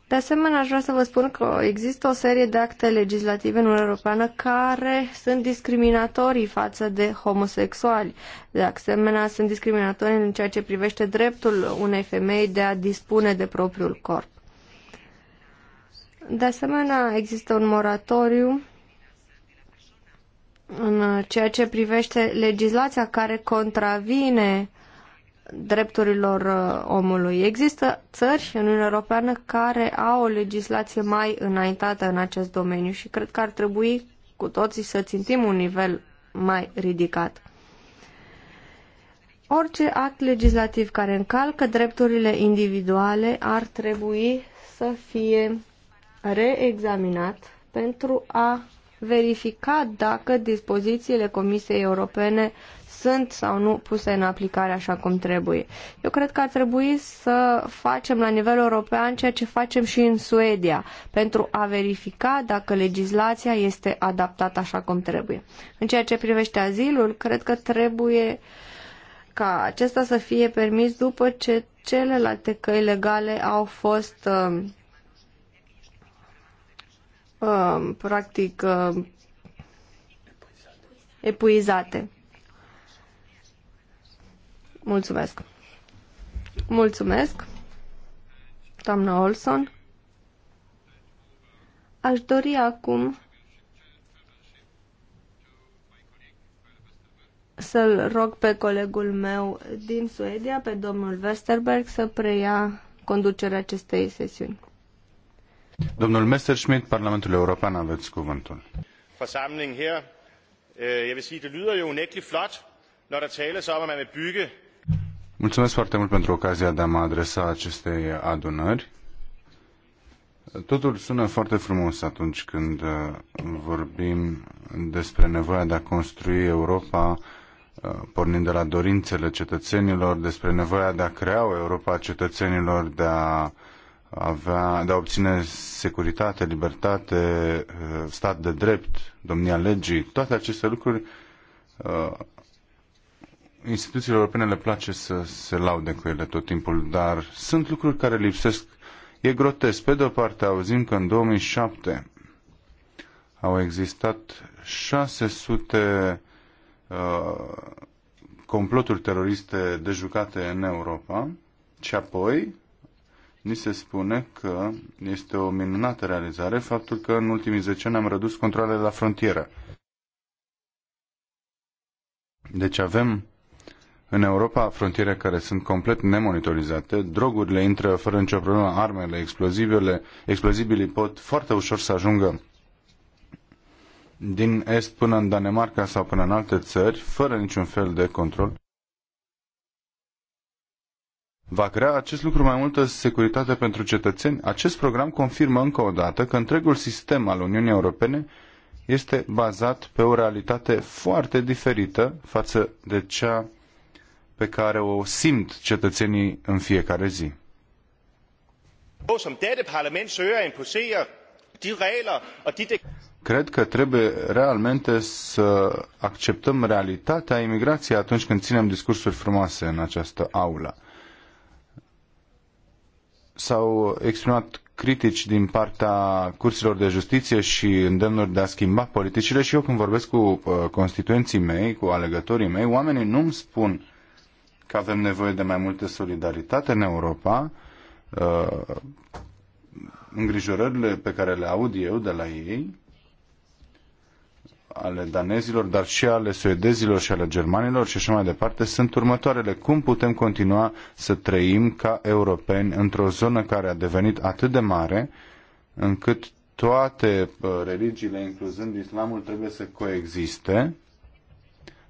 De asemenea, aș vrea să vă spun că există o serie de acte legislative în Uniunea Europeană care sunt discriminatorii față de homosexuali. De asemenea, sunt discriminatorii în ceea ce privește dreptul unei femei de a dispune de propriul corp. De asemenea, există un moratoriu în ceea ce privește legislația care contravine uh, drepturilor uh, omului. Există țări în Uniunea Europeană care au o legislație mai înaintată în acest domeniu și cred că ar trebui cu toții să țintim un nivel mai ridicat. Orice act legislativ care încalcă drepturile individuale ar trebui să fie reexaminat pentru a verifica dacă dispozițiile Comisiei Europene sunt sau nu puse în aplicare așa cum trebuie. Eu cred că ar trebui să facem la nivel european ceea ce facem și în Suedia, pentru a verifica dacă legislația este adaptată așa cum trebuie. În ceea ce privește azilul, cred că trebuie ca acesta să fie permis după ce celelalte căi legale au fost uh, uh, practic uh, epuizate. Mulțumesc. Mulțumesc, doamna Olson. Aș dori acum să-l rog pe colegul meu din Suedia, pe domnul Westerberg, să preia conducerea acestei sesiuni. Domnul Messerschmidt, Parlamentul European, aveți cuvântul. Forsamling her, øh, jeg vil sige, det lyder jo unægteligt flot, når der tales om, at man vil bygge Mulțumesc foarte mult pentru ocazia de a mă adresa acestei adunări. Totul sună foarte frumos atunci când uh, vorbim despre nevoia de a construi Europa uh, pornind de la dorințele cetățenilor, despre nevoia de a crea o Europa a cetățenilor, de a, avea, de a obține securitate, libertate, uh, stat de drept, domnia legii, toate aceste lucruri instituțiilor europene le place să se laude cu ele tot timpul, dar sunt lucruri care lipsesc. E grotesc. Pe de-o parte, auzim că în 2007 au existat 600 uh, comploturi teroriste dejucate în Europa și apoi ni se spune că este o minunată realizare faptul că în ultimii 10 ani am redus controlele la frontieră. Deci avem în Europa, frontiere care sunt complet nemonitorizate, drogurile intră fără nicio problemă, armele, explozivele, explozibilii pot foarte ușor să ajungă din est până în Danemarca sau până în alte țări, fără niciun fel de control. Va crea acest lucru mai multă securitate pentru cetățeni? Acest program confirmă încă o dată că întregul sistem al Uniunii Europene este bazat pe o realitate foarte diferită față de cea pe care o simt cetățenii în fiecare zi. Cred că trebuie realmente să acceptăm realitatea imigrației atunci când ținem discursuri frumoase în această aulă. S-au exprimat critici din partea curților de justiție și îndemnuri de a schimba politicile și eu când vorbesc cu uh, constituenții mei, cu alegătorii mei, oamenii nu îmi spun că avem nevoie de mai multă solidaritate în Europa. Uh, îngrijorările pe care le aud eu de la ei, ale danezilor, dar și ale suedezilor și ale germanilor și așa mai departe, sunt următoarele. Cum putem continua să trăim ca europeni într-o zonă care a devenit atât de mare încât toate uh, religiile, incluzând islamul, trebuie să coexiste?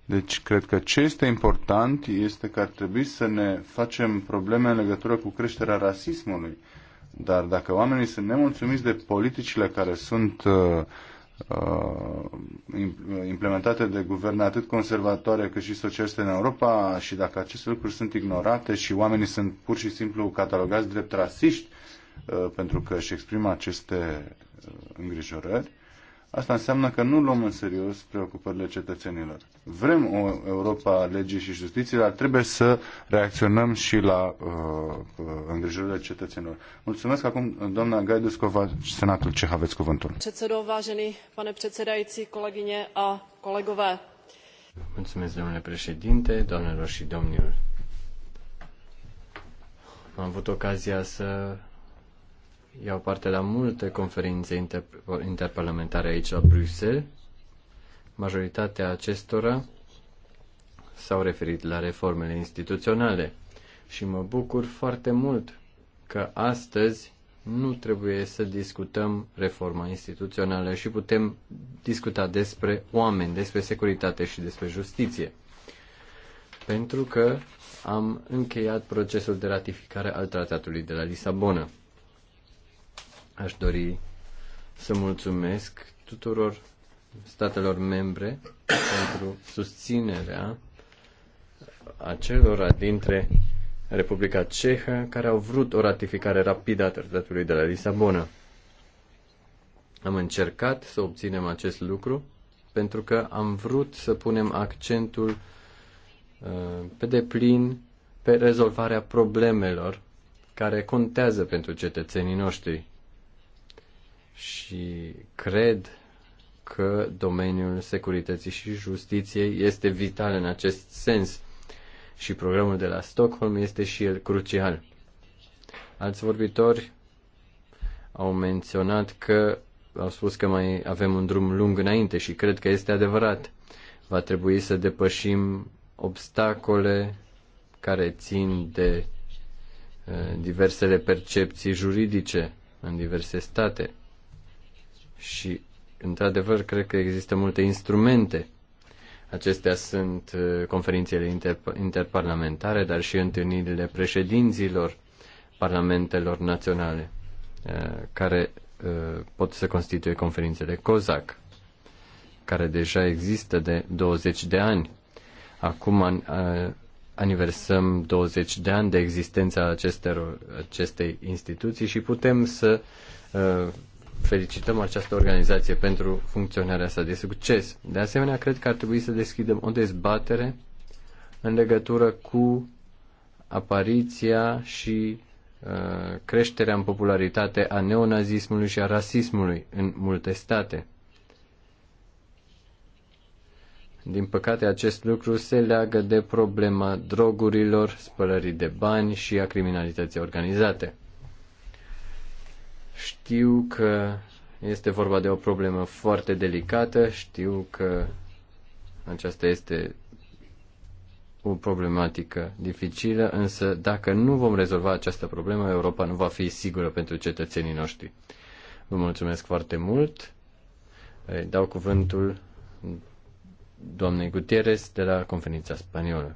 Deci, cred că ce este important este că ar trebui să ne facem probleme în legătură cu creșterea rasismului. Dar dacă oamenii sunt nemulțumiți de politicile care sunt uh, uh implementate de guverne atât conservatoare cât și socialiste în Europa și dacă aceste lucruri sunt ignorate și oamenii sunt pur și simplu catalogați drept rasiști uh, pentru că își exprimă aceste uh, îngrijorări, Asta înseamnă că nu luăm în serios preocupările cetățenilor. Vrem o Europa legii și justiției, dar trebuie să reacționăm și la uh, uh îngrijorile cetățenilor. Mulțumesc acum, doamna Gaiduscova, Senatul ce aveți cuvântul. Předsedo, vážený pane předsedající, kolegyně a kolegové. Mulțumesc, domnule președinte, doamnelor și domnilor. Am avut ocazia să iau parte la multe conferințe inter, interparlamentare aici la Bruxelles. Majoritatea acestora s-au referit la reformele instituționale și mă bucur foarte mult că astăzi nu trebuie să discutăm reforma instituțională și putem discuta despre oameni, despre securitate și despre justiție. Pentru că am încheiat procesul de ratificare al tratatului de la Lisabona. Aș dori să mulțumesc tuturor statelor membre pentru susținerea acelora dintre Republica Cehă care au vrut o ratificare rapidă a tratatului de la Lisabona. Am încercat să obținem acest lucru pentru că am vrut să punem accentul uh, pe deplin pe rezolvarea problemelor care contează pentru cetățenii noștri și cred că domeniul securității și justiției este vital în acest sens și programul de la Stockholm este și el crucial. Alți vorbitori au menționat că au spus că mai avem un drum lung înainte și cred că este adevărat. Va trebui să depășim obstacole care țin de eh, diversele percepții juridice în diverse state și, într-adevăr, cred că există multe instrumente. Acestea sunt uh, conferințele inter- interparlamentare, dar și întâlnirile președinților parlamentelor naționale, uh, care uh, pot să constituie conferințele COSAC, care deja există de 20 de ani. Acum aniversăm 20 de ani de existența acestor, acestei instituții și putem să felicităm această organizație pentru funcționarea sa de succes. De asemenea, cred că ar trebui să deschidem o dezbatere în legătură cu apariția și uh, creșterea în popularitate a neonazismului și a rasismului în multe state. Din păcate, acest lucru se leagă de problema drogurilor, spălării de bani și a criminalității organizate. Știu că este vorba de o problemă foarte delicată, știu că aceasta este o problematică dificilă, însă dacă nu vom rezolva această problemă, Europa nu va fi sigură pentru cetățenii noștri. Vă mulțumesc foarte mult. Dau cuvântul doamnei Gutierrez de la conferința spaniolă.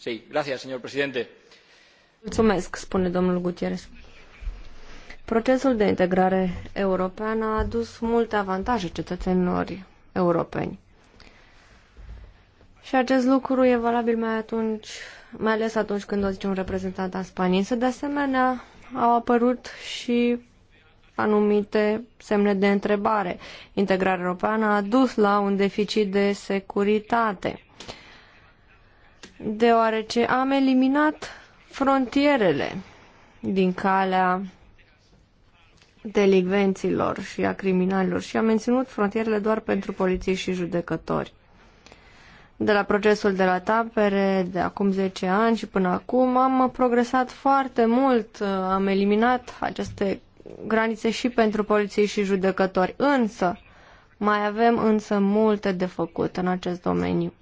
señor presidente. spune domnul Procesul de integrare europeană a adus multe avantaje cetățenilor europeni. Și acest lucru e valabil mai atunci, mai ales atunci când o zice un reprezentant al Spaniei. Însă, de asemenea, au apărut și anumite semne de întrebare. Integrarea europeană a dus la un deficit de securitate deoarece am eliminat frontierele din calea delicvenților și a criminalilor și am menținut frontierele doar pentru poliții și judecători. De la procesul de la tapere, de acum 10 ani și până acum, am progresat foarte mult, am eliminat aceste granițe și pentru poliții și judecători, însă mai avem însă multe de făcut în acest domeniu.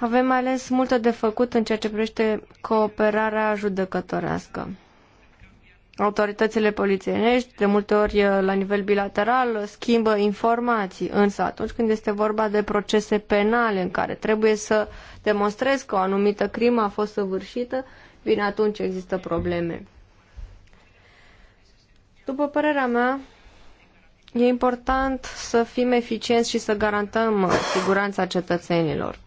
Avem mai ales multe de făcut în ceea ce privește cooperarea judecătorească. Autoritățile polițienești, de multe ori la nivel bilateral, schimbă informații, însă atunci când este vorba de procese penale în care trebuie să demonstrezi că o anumită crimă a fost săvârșită, bine, atunci există probleme. După părerea mea, e important să fim eficienți și să garantăm uh, siguranța cetățenilor.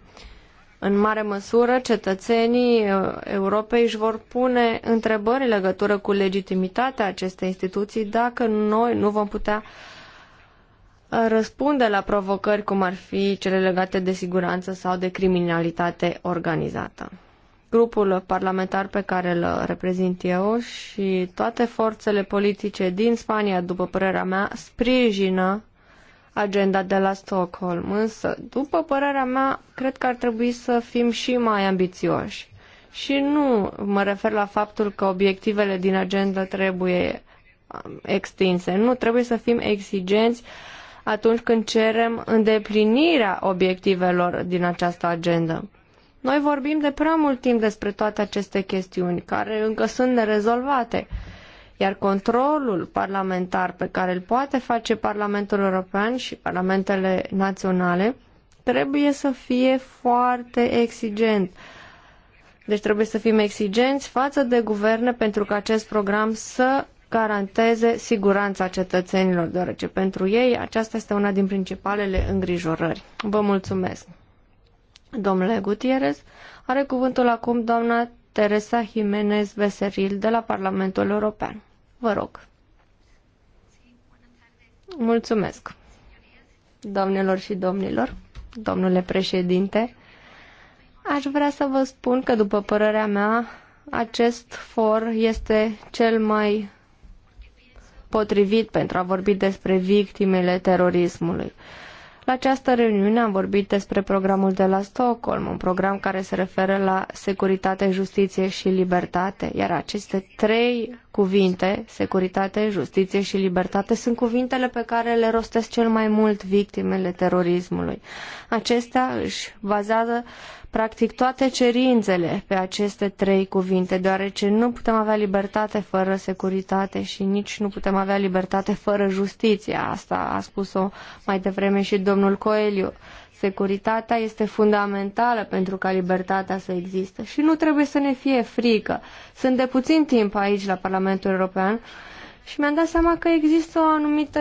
În mare măsură, cetățenii uh, Europei își vor pune întrebări în legătură cu legitimitatea acestei instituții dacă noi nu vom putea uh, răspunde la provocări cum ar fi cele legate de siguranță sau de criminalitate organizată. Grupul parlamentar pe care îl reprezint eu și toate forțele politice din Spania, după părerea mea, sprijină agenda de la Stockholm, însă, după părerea mea, cred că ar trebui să fim și mai ambițioși. Și nu mă refer la faptul că obiectivele din agenda trebuie um, extinse. Nu, trebuie să fim exigenți atunci când cerem îndeplinirea obiectivelor din această agendă. Noi vorbim de prea mult timp despre toate aceste chestiuni, care încă sunt nerezolvate. Iar controlul parlamentar pe care îl poate face Parlamentul European și Parlamentele Naționale trebuie să fie foarte exigent. Deci trebuie să fim exigenți față de guverne pentru că acest program să garanteze siguranța cetățenilor, deoarece pentru ei aceasta este una din principalele îngrijorări. Vă mulțumesc. Domnule Gutierrez, are cuvântul acum doamna Teresa Jimenez Veseril de la Parlamentul European. Vă rog. Mulțumesc. Doamnelor și domnilor, domnule președinte, aș vrea să vă spun că, după părerea mea, acest for este cel mai potrivit pentru a vorbi despre victimele terorismului. La această reuniune am vorbit despre programul de la Stockholm, un program care se referă la securitate, justiție și libertate, iar aceste trei cuvinte, securitate, justiție și libertate, sunt cuvintele pe care le rostesc cel mai mult victimele terorismului. Acestea își bazează practic toate cerințele pe aceste trei cuvinte, deoarece nu putem avea libertate fără securitate și nici nu putem avea libertate fără justiție. Asta a spus-o mai devreme și domnul Coelho. Securitatea este fundamentală pentru ca libertatea să existe și nu trebuie să ne fie frică. Sunt de puțin timp aici la Parlamentul European și mi-am dat seama că există o anumită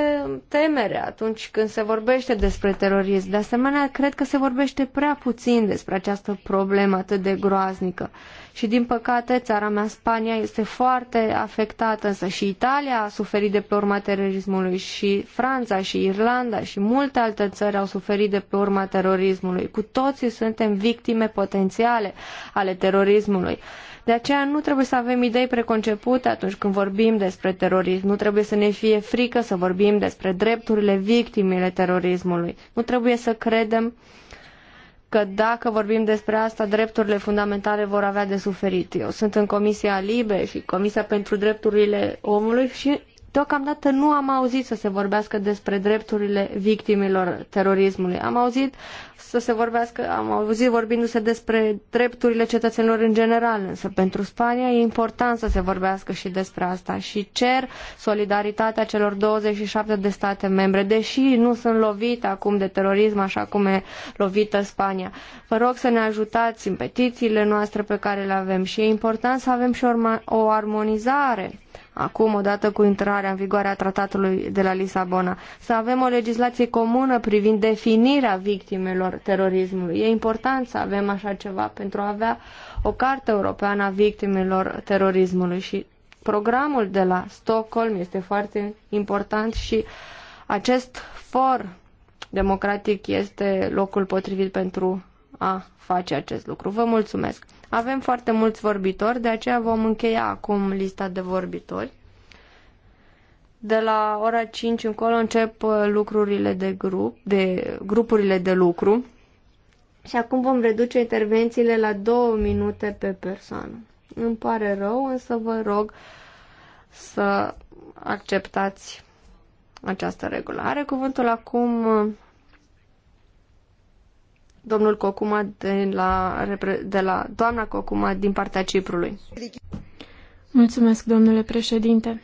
temere atunci când se vorbește despre terorism. De asemenea, cred că se vorbește prea puțin despre această problemă atât de groaznică. Și din păcate, țara mea, Spania, este foarte afectată, însă și Italia a suferit de pe urma terorismului și Franța și Irlanda și multe alte țări au suferit de pe urma terorismului. Cu toții suntem victime potențiale ale terorismului. De aceea nu trebuie să avem idei preconcepute atunci când vorbim despre terorism. Nu trebuie să ne fie frică să vorbim despre drepturile victimele terorismului. Nu trebuie să credem că dacă vorbim despre asta, drepturile fundamentale vor avea de suferit. Eu sunt în Comisia Libe și Comisia pentru Drepturile Omului și Deocamdată nu am auzit să se vorbească despre drepturile victimilor terorismului. Am auzit să se vorbească, am auzit vorbindu-se despre drepturile cetățenilor în general, însă pentru Spania e important să se vorbească și despre asta și cer solidaritatea celor 27 de state membre, deși nu sunt lovite acum de terorism așa cum e lovită Spania. Vă rog să ne ajutați în petițiile noastre pe care le avem și e important să avem și o armonizare acum, odată cu intrarea în vigoare a tratatului de la Lisabona. Să avem o legislație comună privind definirea victimelor terorismului. E important să avem așa ceva pentru a avea o carte europeană a victimelor terorismului și programul de la Stockholm este foarte important și acest for democratic este locul potrivit pentru a face acest lucru. Vă mulțumesc! Avem foarte mulți vorbitori, de aceea vom încheia acum lista de vorbitori. De la ora 5 încolo încep uh, lucrurile de grup, de grupurile de lucru. Și acum vom reduce intervențiile la două minute pe persoană. Îmi pare rău, însă vă rog să acceptați această regulă. Are cuvântul acum uh, domnul Cocuma de la, de la doamna Cocuma din partea Ciprului. Mulțumesc, domnule președinte.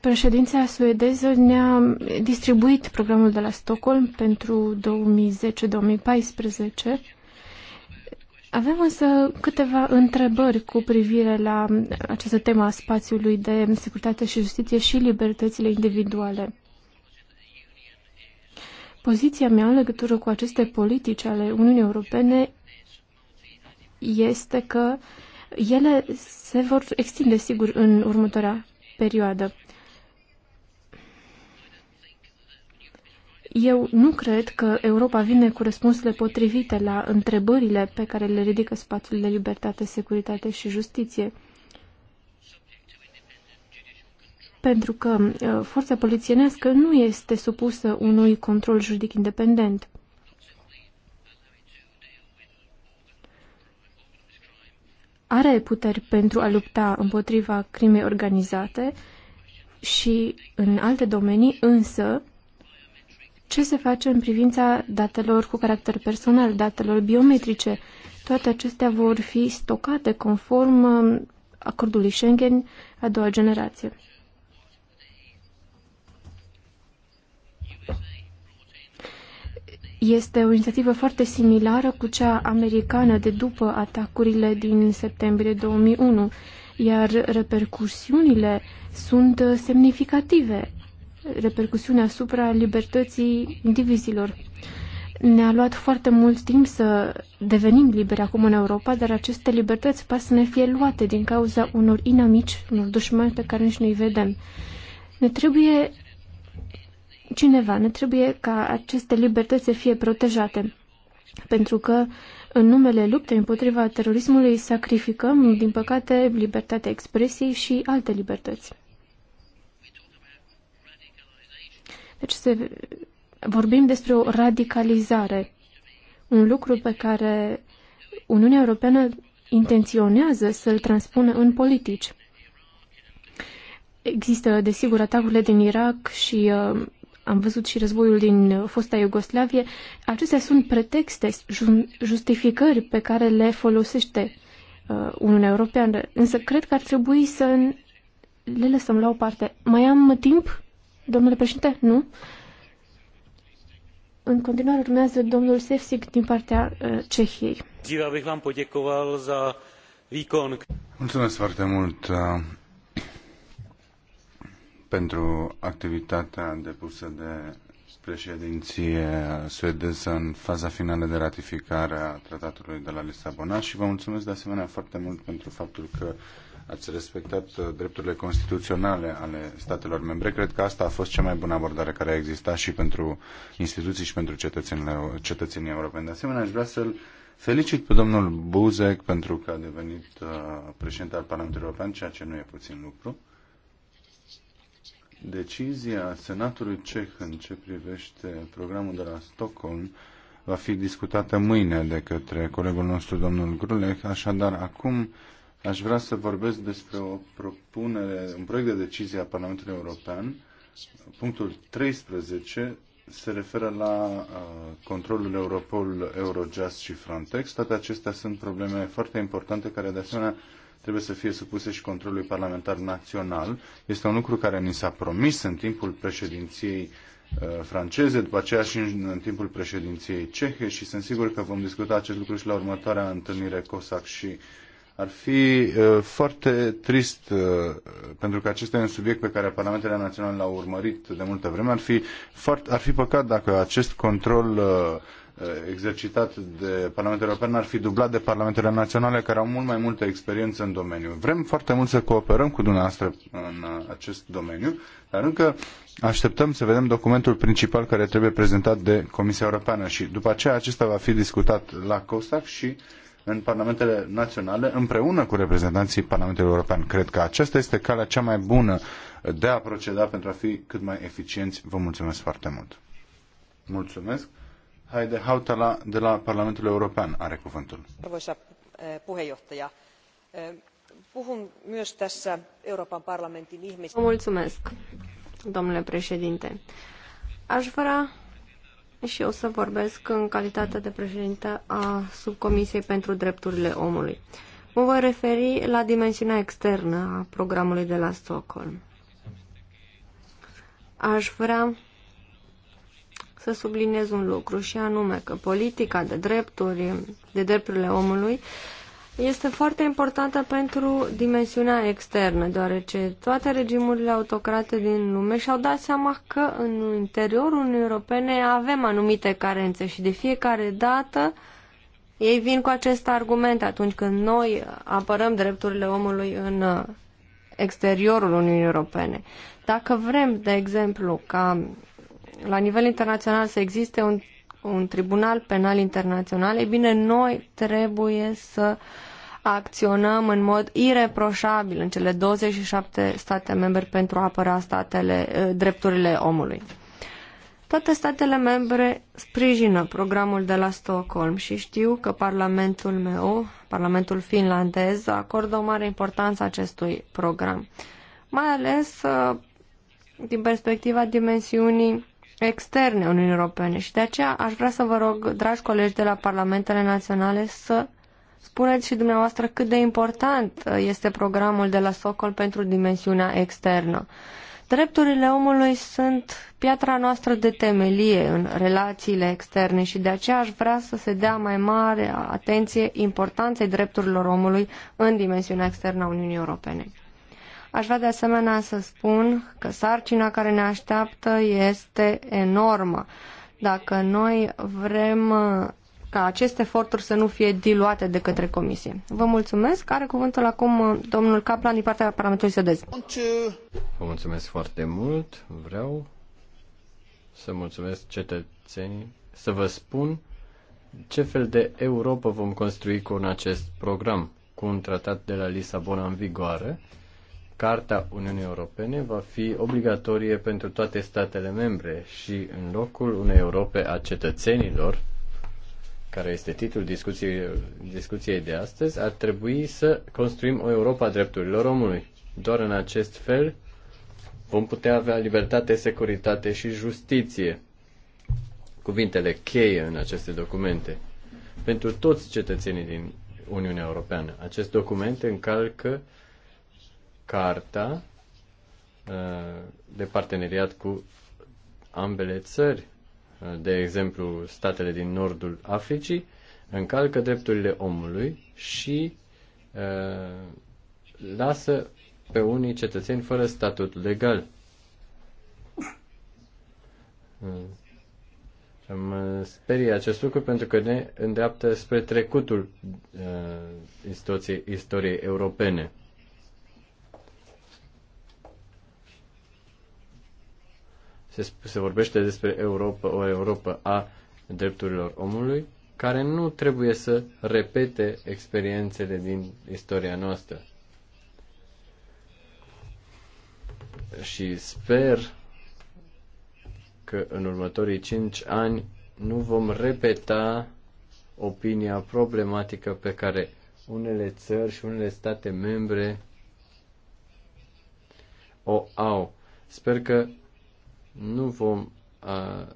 Președinția suedeză ne-a distribuit programul de la Stockholm pentru 2010-2014. Avem însă câteva întrebări cu privire la această temă a spațiului de securitate și justiție și libertățile individuale. Poziția mea în legătură cu aceste politici ale Uniunii Europene este că ele se vor extinde, sigur, în următoarea perioadă. Eu nu cred că Europa vine cu răspunsurile potrivite la întrebările pe care le ridică spațiul de libertate, securitate și justiție. pentru că uh, forța polițienească nu este supusă unui control juridic independent. Are puteri pentru a lupta împotriva crimei organizate și în alte domenii, însă, ce se face în privința datelor cu caracter personal, datelor biometrice? Toate acestea vor fi stocate conform uh, acordului Schengen a doua generație. Este o inițiativă foarte similară cu cea americană de după atacurile din septembrie 2001, iar repercusiunile sunt semnificative, repercusiunea asupra libertății indivizilor. Ne-a luat foarte mult timp să devenim liberi acum în Europa, dar aceste libertăți pas să ne fie luate din cauza unor inamici, unor dușmani pe care nici nu-i vedem. Ne trebuie cineva. Ne trebuie ca aceste libertăți să fie protejate. Pentru că în numele luptei împotriva terorismului sacrificăm, din păcate, libertatea expresiei și alte libertăți. Deci se, vorbim despre o radicalizare, un lucru pe care Uniunea Europeană intenționează să-l transpună în politici. Există, desigur, atacurile din Irak și uh, am văzut și războiul din fosta Iugoslavie, acestea sunt pretexte, justificări pe care le folosește uh, Uniunea Europeană. Însă cred că ar trebui să le lăsăm la o parte. Mai am timp, domnule președinte? Nu? În continuare urmează domnul Sefsic din partea uh, Cehiei. Mulțumesc foarte mult. Uh, pentru activitatea depusă de președinție suedeză în faza finală de ratificare a tratatului de la Lisabona și vă mulțumesc de asemenea foarte mult pentru faptul că ați respectat uh, drepturile constituționale ale statelor membre. Cred că asta a fost cea mai bună abordare care a existat și pentru instituții și pentru cetățenii europeni. De asemenea, aș vrea să-l felicit pe domnul Buzek pentru că a devenit uh, președinte al Parlamentului European, ceea ce nu e puțin lucru. Decizia Senatului Ceh în ce privește programul de la Stockholm va fi discutată mâine de către colegul nostru, domnul Grulec. Așadar, acum aș vrea să vorbesc despre o propunere, un proiect de decizie a Parlamentului European. Punctul 13 se referă la uh, controlul Europol, Eurojust și Frontex. Toate acestea sunt probleme foarte importante care, de asemenea, uh, trebuie să fie supuse și controlului parlamentar național. Este un lucru care ni s-a promis în timpul președinției uh, franceze, după aceea și în, în timpul președinției cehe și sunt sigur că vom discuta acest lucru și la următoarea întâlnire COSAC și ar fi uh, foarte trist, uh, pentru că acesta e un subiect pe care Parlamentele Naționale l-au urmărit de multă vreme, ar fi, foarte, ar fi păcat dacă acest control uh, exercitat de Parlamentul European ar fi dublat de Parlamentele Naționale care au mult mai multă experiență în domeniu. Vrem foarte mult să cooperăm cu dumneavoastră în acest domeniu, dar încă așteptăm să vedem documentul principal care trebuie prezentat de Comisia Europeană și după aceea acesta va fi discutat la COSAC și în Parlamentele Naționale împreună cu reprezentanții Parlamentului European. Cred că aceasta este calea cea mai bună de a proceda pentru a fi cât mai eficienți. Vă mulțumesc foarte mult! Mulțumesc! Haide Hautala de la Parlamentul European are cuvântul. Arvoisa eh, puheenjohtaja, eh, puhun myös tässä Euroopan parlamentin ihmis... Mulțumesc, domnule președinte. Aș vrea și eu să vorbesc în calitate de președinte a Subcomisiei pentru Drepturile Omului. Mă voi referi la dimensiunea externă a programului de la Stockholm. Aș vrea să subliniez un lucru și anume că politica de drepturi, de drepturile omului, este foarte importantă pentru dimensiunea externă, deoarece toate regimurile autocrate din lume și-au dat seama că în interiorul Uniunii Europene avem anumite carențe și de fiecare dată ei vin cu acest argument atunci când noi apărăm drepturile omului în exteriorul Uniunii Europene. Dacă vrem, de exemplu, ca la nivel internațional să existe un, un tribunal penal internațional, e bine, noi trebuie să acționăm în mod ireproșabil în cele 27 state membre pentru a apăra statele, drepturile omului. Toate statele membre sprijină programul de la Stockholm și știu că Parlamentul meu, Parlamentul finlandez, acordă o mare importanță acestui program, mai ales din perspectiva dimensiunii externe Uniunii Europene și de aceea aș vrea să vă rog, dragi colegi de la Parlamentele Naționale, să spuneți și dumneavoastră cât de important uh, este programul de la Socol pentru dimensiunea externă. Drepturile omului sunt piatra noastră de temelie în relațiile externe și de aceea aș vrea să se dea mai mare atenție importanței drepturilor omului în dimensiunea externă a Uniunii Europene. Aș vrea de asemenea să spun că sarcina care ne așteaptă este enormă. Dacă noi vrem uh, ca aceste eforturi să nu fie diluate de către Comisie. Vă mulțumesc. Are cuvântul acum uh, domnul Caplan din partea Parlamentului Sădez. Vă mulțumesc foarte mult. Vreau să mulțumesc cetățenii, să vă spun ce fel de Europa vom construi cu un acest program, cu un tratat de la Lisabona în vigoare Carta Uniunii Europene va fi obligatorie pentru toate statele membre și în locul unei Europe a cetățenilor, care este titlul discuției, discuției de astăzi, ar trebui să construim o Europa a drepturilor omului. Doar în acest fel vom putea avea libertate, securitate și justiție. Cuvintele cheie în aceste documente. Pentru toți cetățenii din Uniunea Europeană, acest document încalcă carta uh, de parteneriat cu ambele țări, uh, de exemplu statele din nordul Africii, încalcă drepturile omului și uh, lasă pe unii cetățeni fără statut legal. Mă sperie acest lucru pentru că ne îndreaptă spre trecutul uh, istoriei, istoriei europene. se, se vorbește despre Europa, o Europa a drepturilor omului, care nu trebuie să repete experiențele din istoria noastră. Și sper că în următorii cinci ani nu vom repeta opinia problematică pe care unele țări și unele state membre o au. Sper că nu vom a,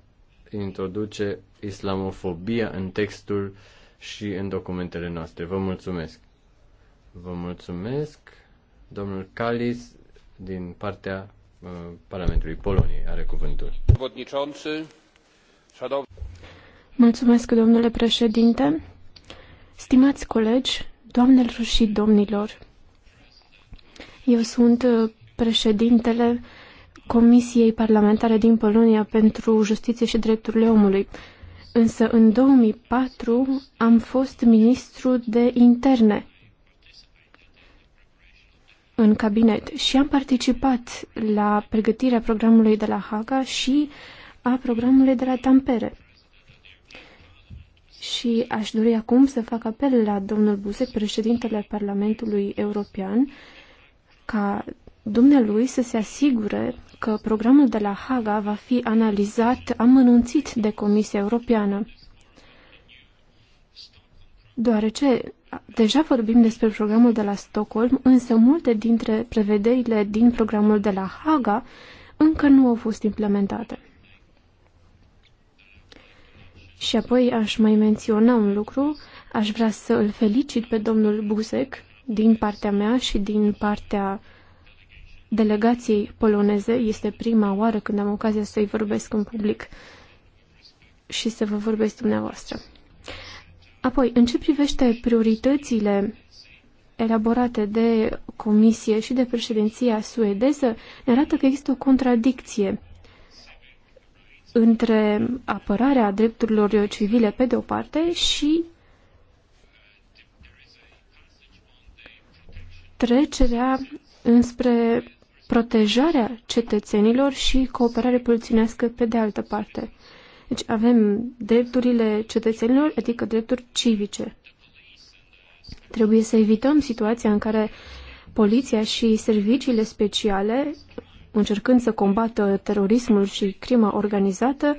introduce islamofobia în textul și în documentele noastre. Vă mulțumesc. Vă mulțumesc. Domnul Calis, din partea Parlamentului Poloniei, are cuvântul. Mulțumesc, domnule președinte. Stimați colegi, doamnelor și domnilor, eu sunt președintele Comisiei Parlamentare din Polonia pentru Justiție și Drepturile Omului. Însă în 2004 am fost ministru de interne în cabinet și am participat la pregătirea programului de la Haga și a programului de la Tampere. Și aș dori acum să fac apel la domnul Busec, președintele Parlamentului European, ca dumnealui să se asigure că programul de la Haga va fi analizat amănunțit de Comisia Europeană, deoarece deja vorbim despre programul de la Stockholm, însă multe dintre prevederile din programul de la Haga încă nu au fost implementate. Și apoi aș mai menționa un lucru, aș vrea să îl felicit pe domnul Buzek din partea mea și din partea delegației poloneze. Este prima oară când am ocazia să-i vorbesc în public și să vă vorbesc dumneavoastră. Apoi, în ce privește prioritățile elaborate de Comisie și de președinția suedeză, ne arată că există o contradicție între apărarea drepturilor civile pe de o parte și trecerea înspre protejarea cetățenilor și cooperare polițienească pe de altă parte. Deci avem drepturile cetățenilor, adică drepturi civice. Trebuie să evităm situația în care poliția și serviciile speciale, încercând să combată terorismul și crima organizată,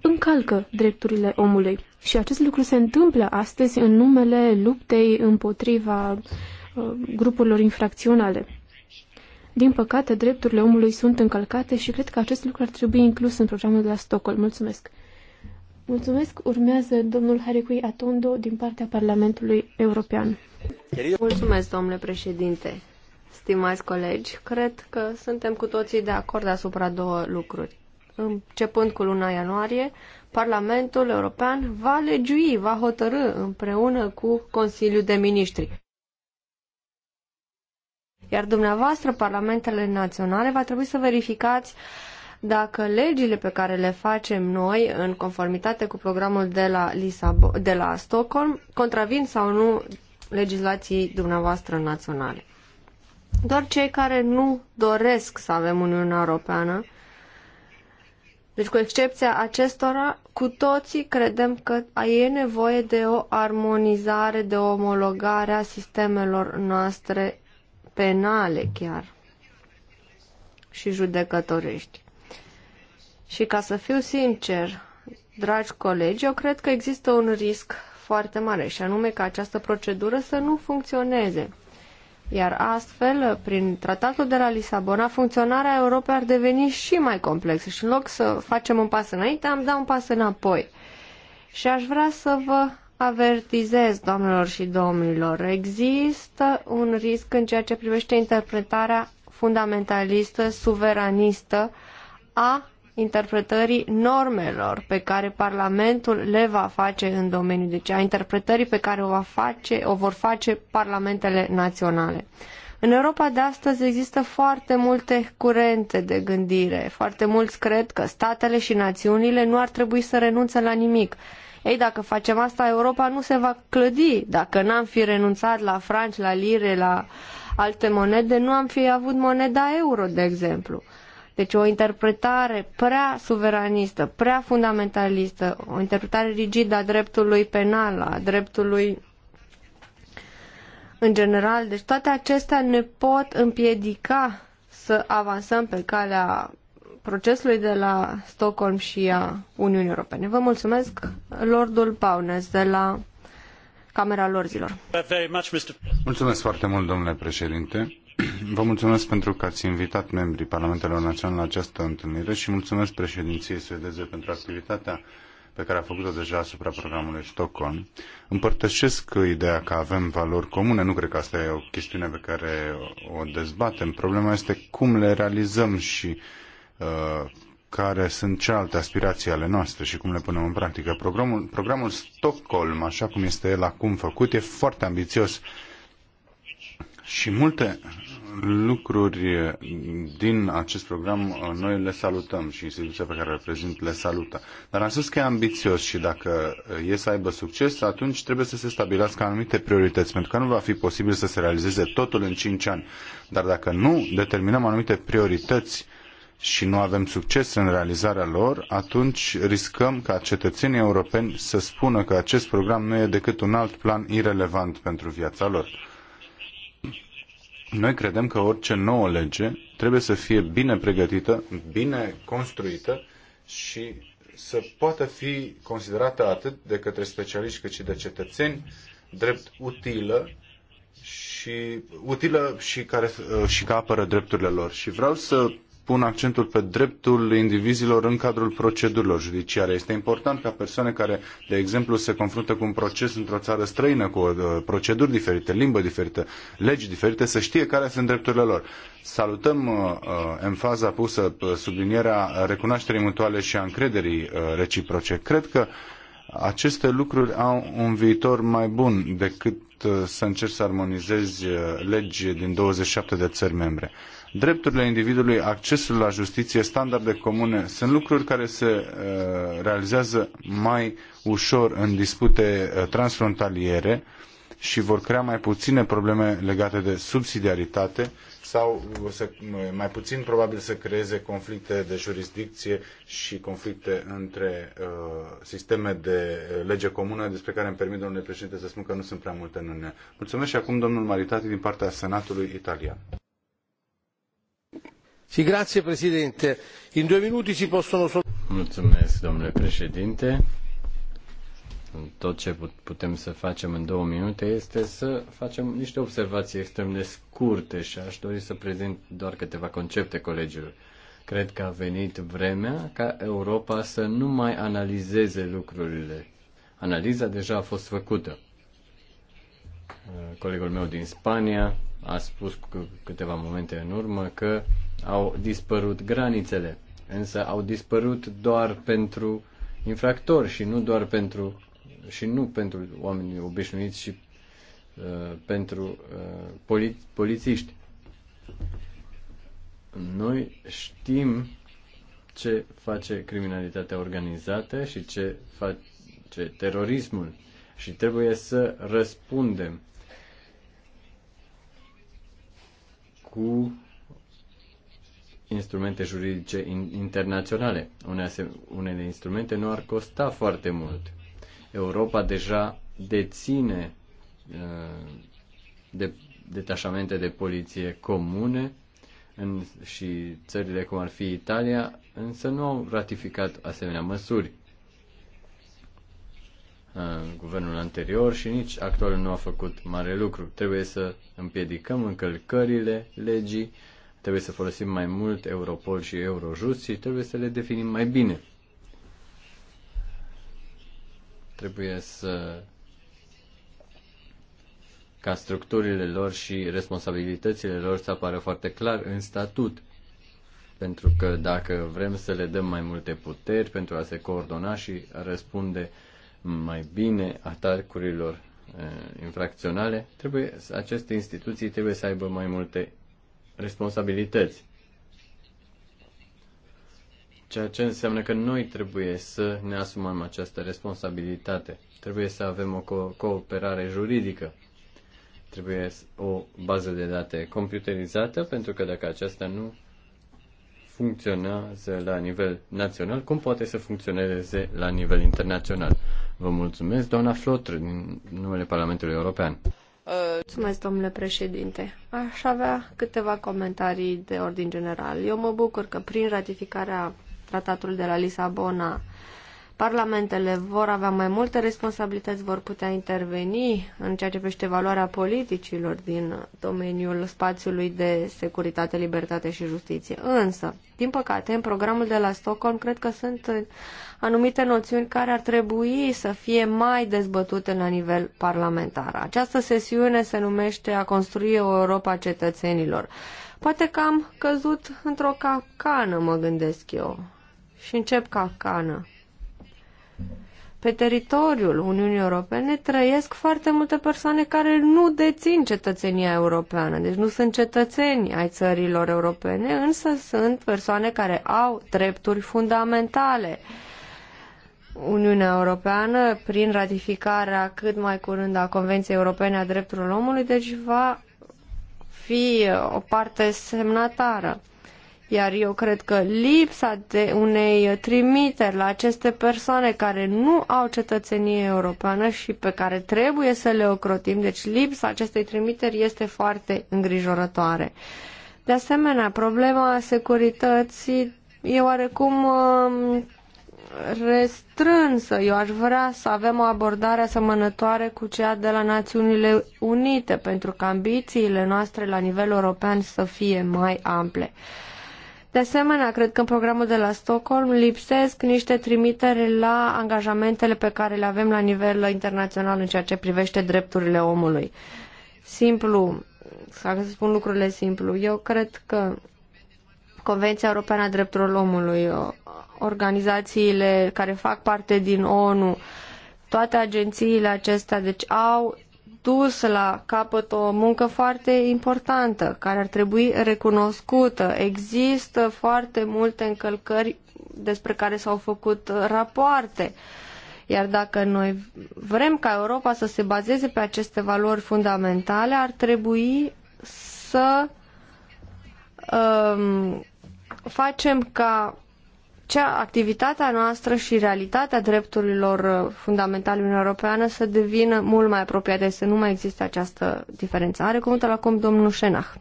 încalcă drepturile omului. Și acest lucru se întâmplă astăzi în numele luptei împotriva uh, grupurilor infracționale. Din păcate, drepturile omului sunt încălcate și cred că acest lucru ar trebui inclus în programul de la Stockholm. Mulțumesc! Mulțumesc! Urmează domnul Haricui Atondo din partea Parlamentului European. Mulțumesc, domnule președinte! Stimați colegi, cred că suntem cu toții de acord asupra două lucruri. Începând cu luna ianuarie, Parlamentul European va legiui, va hotărâ împreună cu Consiliul de Ministri iar dumneavoastră, parlamentele naționale, va trebui să verificați dacă legile pe care le facem noi, în conformitate cu programul de la, Lisabo, de la Stockholm, contravin sau nu legislației dumneavoastră naționale. Doar cei care nu doresc să avem Uniunea Europeană, deci cu excepția acestora, cu toții credem că e nevoie de o armonizare, de o omologare a sistemelor noastre penale chiar și judecătorești. Și ca să fiu sincer, dragi colegi, eu cred că există un risc foarte mare și anume că această procedură să nu funcționeze. Iar astfel, prin tratatul de la Lisabona, funcționarea Europei ar deveni și mai complexă și în loc să facem un pas înainte, am dat un pas înapoi. Și aș vrea să vă Avertizez, domnilor și domnilor, există un risc în ceea ce privește interpretarea fundamentalistă, suveranistă a interpretării normelor pe care Parlamentul le va face în domeniul deci a interpretării pe care o, va face, o vor face parlamentele naționale. În Europa de astăzi există foarte multe curente de gândire. Foarte mulți cred că statele și națiunile nu ar trebui să renunțe la nimic ei, dacă facem asta, Europa nu se va clădi. Dacă n-am fi renunțat la franci, la lire, la alte monede, nu am fi avut moneda euro, de exemplu. Deci o interpretare prea suveranistă, prea fundamentalistă, o interpretare rigidă a dreptului penal, a dreptului în general. Deci toate acestea ne pot împiedica să avansăm pe calea procesului de la Stockholm și a Uniunii Europene. Vă mulțumesc, Lordul Paunes, de la Camera Lorzilor. Mulțumesc foarte mult, domnule președinte. Vă mulțumesc pentru că ați invitat membrii Parlamentelor Naționale la această întâlnire și mulțumesc președinției suedeze pentru activitatea pe care a făcut-o deja asupra programului Stockholm. Împărtășesc ideea că avem valori comune, nu cred că asta e o chestiune pe care o dezbatem. Problema este cum le realizăm și Uh, care sunt cealaltă aspirații ale noastre și cum le punem în practică. Programul, programul Stockholm, așa cum este el acum făcut, e foarte ambițios și multe lucruri din acest program uh, noi le salutăm și instituția pe care o reprezint le salută. Dar am spus că e ambițios și dacă uh, e să aibă succes, atunci trebuie să se stabilească anumite priorități, pentru că nu va fi posibil să se realizeze totul în 5 ani. Dar dacă nu determinăm anumite priorități și nu avem succes în realizarea lor, atunci riscăm ca cetățenii europeni să spună că acest program nu e decât un alt plan irelevant pentru viața lor. Noi credem că orice nouă lege trebuie să fie bine pregătită, bine construită și să poată fi considerată atât de către specialiști cât și de cetățeni drept utilă și utilă și care și că apără drepturile lor. Și vreau să pun accentul pe dreptul indivizilor în cadrul procedurilor judiciare. Este important ca persoane care, de exemplu, se confruntă cu un proces într-o țară străină, cu uh, proceduri diferite, limbă diferită, legi diferite, să știe care sunt drepturile lor. Salutăm în uh, uh, faza pusă sublinierea recunoașterii mutuale și a încrederii reciproce. Cred că aceste lucruri au un viitor mai bun decât să încerci să armonizezi legi din 27 de țări membre drepturile individului, accesul la justiție, standarde comune, sunt lucruri care se uh, realizează mai ușor în dispute uh, transfrontaliere și vor crea mai puține probleme legate de subsidiaritate sau să, mai puțin probabil să creeze conflicte de jurisdicție și conflicte între uh, sisteme de uh, lege comună, despre care îmi permit, domnule președinte, să spun că nu sunt prea multe în Uniune. Mulțumesc și acum domnul Maritati din partea Senatului Italian. Grazie, Presidente. In due minuti si possono... Mulțumesc, domnule președinte. Tot ce putem să facem în două minute este să facem niște observații extrem de scurte și aș dori să prezint doar câteva concepte colegilor. Cred că a venit vremea ca Europa să nu mai analizeze lucrurile. Analiza deja a fost făcută. Colegul meu din Spania a spus câteva momente în urmă că au dispărut granițele, însă au dispărut doar pentru infractori și nu doar pentru și nu pentru oamenii obișnuiți și uh, pentru uh, poli, polițiști. Noi știm ce face criminalitatea organizată și ce face terorismul și trebuie să răspundem cu instrumente juridice internaționale. Unele instrumente nu ar costa foarte mult. Europa deja deține uh, de, detașamente de poliție comune în, și țările cum ar fi Italia, însă nu au ratificat asemenea măsuri. Uh, guvernul anterior și nici actualul nu a făcut mare lucru. Trebuie să împiedicăm încălcările legii Trebuie să folosim mai mult Europol și Eurojust și trebuie să le definim mai bine. Trebuie să ca structurile lor și responsabilitățile lor să apară foarte clar în statut. Pentru că dacă vrem să le dăm mai multe puteri pentru a se coordona și a răspunde mai bine atacurilor eh, infracționale, trebuie, aceste instituții trebuie să aibă mai multe responsabilități. Ceea ce înseamnă că noi trebuie să ne asumăm această responsabilitate. Trebuie să avem o co- cooperare juridică. Trebuie o bază de date computerizată, pentru că dacă aceasta nu funcționează la nivel național, cum poate să funcționeze la nivel internațional. Vă mulțumesc, doamna Flotr, din numele Parlamentului European. Mulțumesc, domnule președinte. Aș avea câteva comentarii de ordin general. Eu mă bucur că prin ratificarea tratatului de la Lisabona Parlamentele vor avea mai multe responsabilități, vor putea interveni în ceea ce privește valoarea politicilor din domeniul spațiului de securitate, libertate și justiție. Însă, din păcate, în programul de la Stockholm cred că sunt anumite noțiuni care ar trebui să fie mai dezbătute la nivel parlamentar. Această sesiune se numește A construi o Europa cetățenilor. Poate că am căzut într-o capcană, mă gândesc eu. Și încep capcană pe teritoriul Uniunii Europene trăiesc foarte multe persoane care nu dețin cetățenia europeană, deci nu sunt cetățeni ai țărilor europene, însă sunt persoane care au drepturi fundamentale. Uniunea Europeană, prin ratificarea cât mai curând a Convenției Europene a Drepturilor Omului, deci va fi o parte semnatară. Iar eu cred că lipsa de unei trimiteri la aceste persoane care nu au cetățenie europeană și pe care trebuie să le ocrotim, deci lipsa acestei trimiteri este foarte îngrijorătoare. De asemenea, problema securității e oarecum um, restrânsă. Eu aș vrea să avem o abordare asemănătoare cu cea de la Națiunile Unite, pentru că ambițiile noastre la nivel european să fie mai ample. De asemenea, cred că în programul de la Stockholm lipsesc niște trimiteri la angajamentele pe care le avem la nivel internațional în ceea ce privește drepturile omului. Simplu, să spun lucrurile simplu, eu cred că Convenția Europeană a Drepturilor Omului, organizațiile care fac parte din ONU, toate agențiile acestea, deci au dus la capăt o muncă foarte importantă, care ar trebui recunoscută. Există foarte multe încălcări despre care s-au făcut rapoarte. Iar dacă noi vrem ca Europa să se bazeze pe aceste valori fundamentale, ar trebui să um, facem ca cea, activitatea noastră și realitatea drepturilor uh, fundamentale în Europeană să devină mult mai apropiate, să nu mai existe această diferență. Are cuvântul acum domnul Șenach.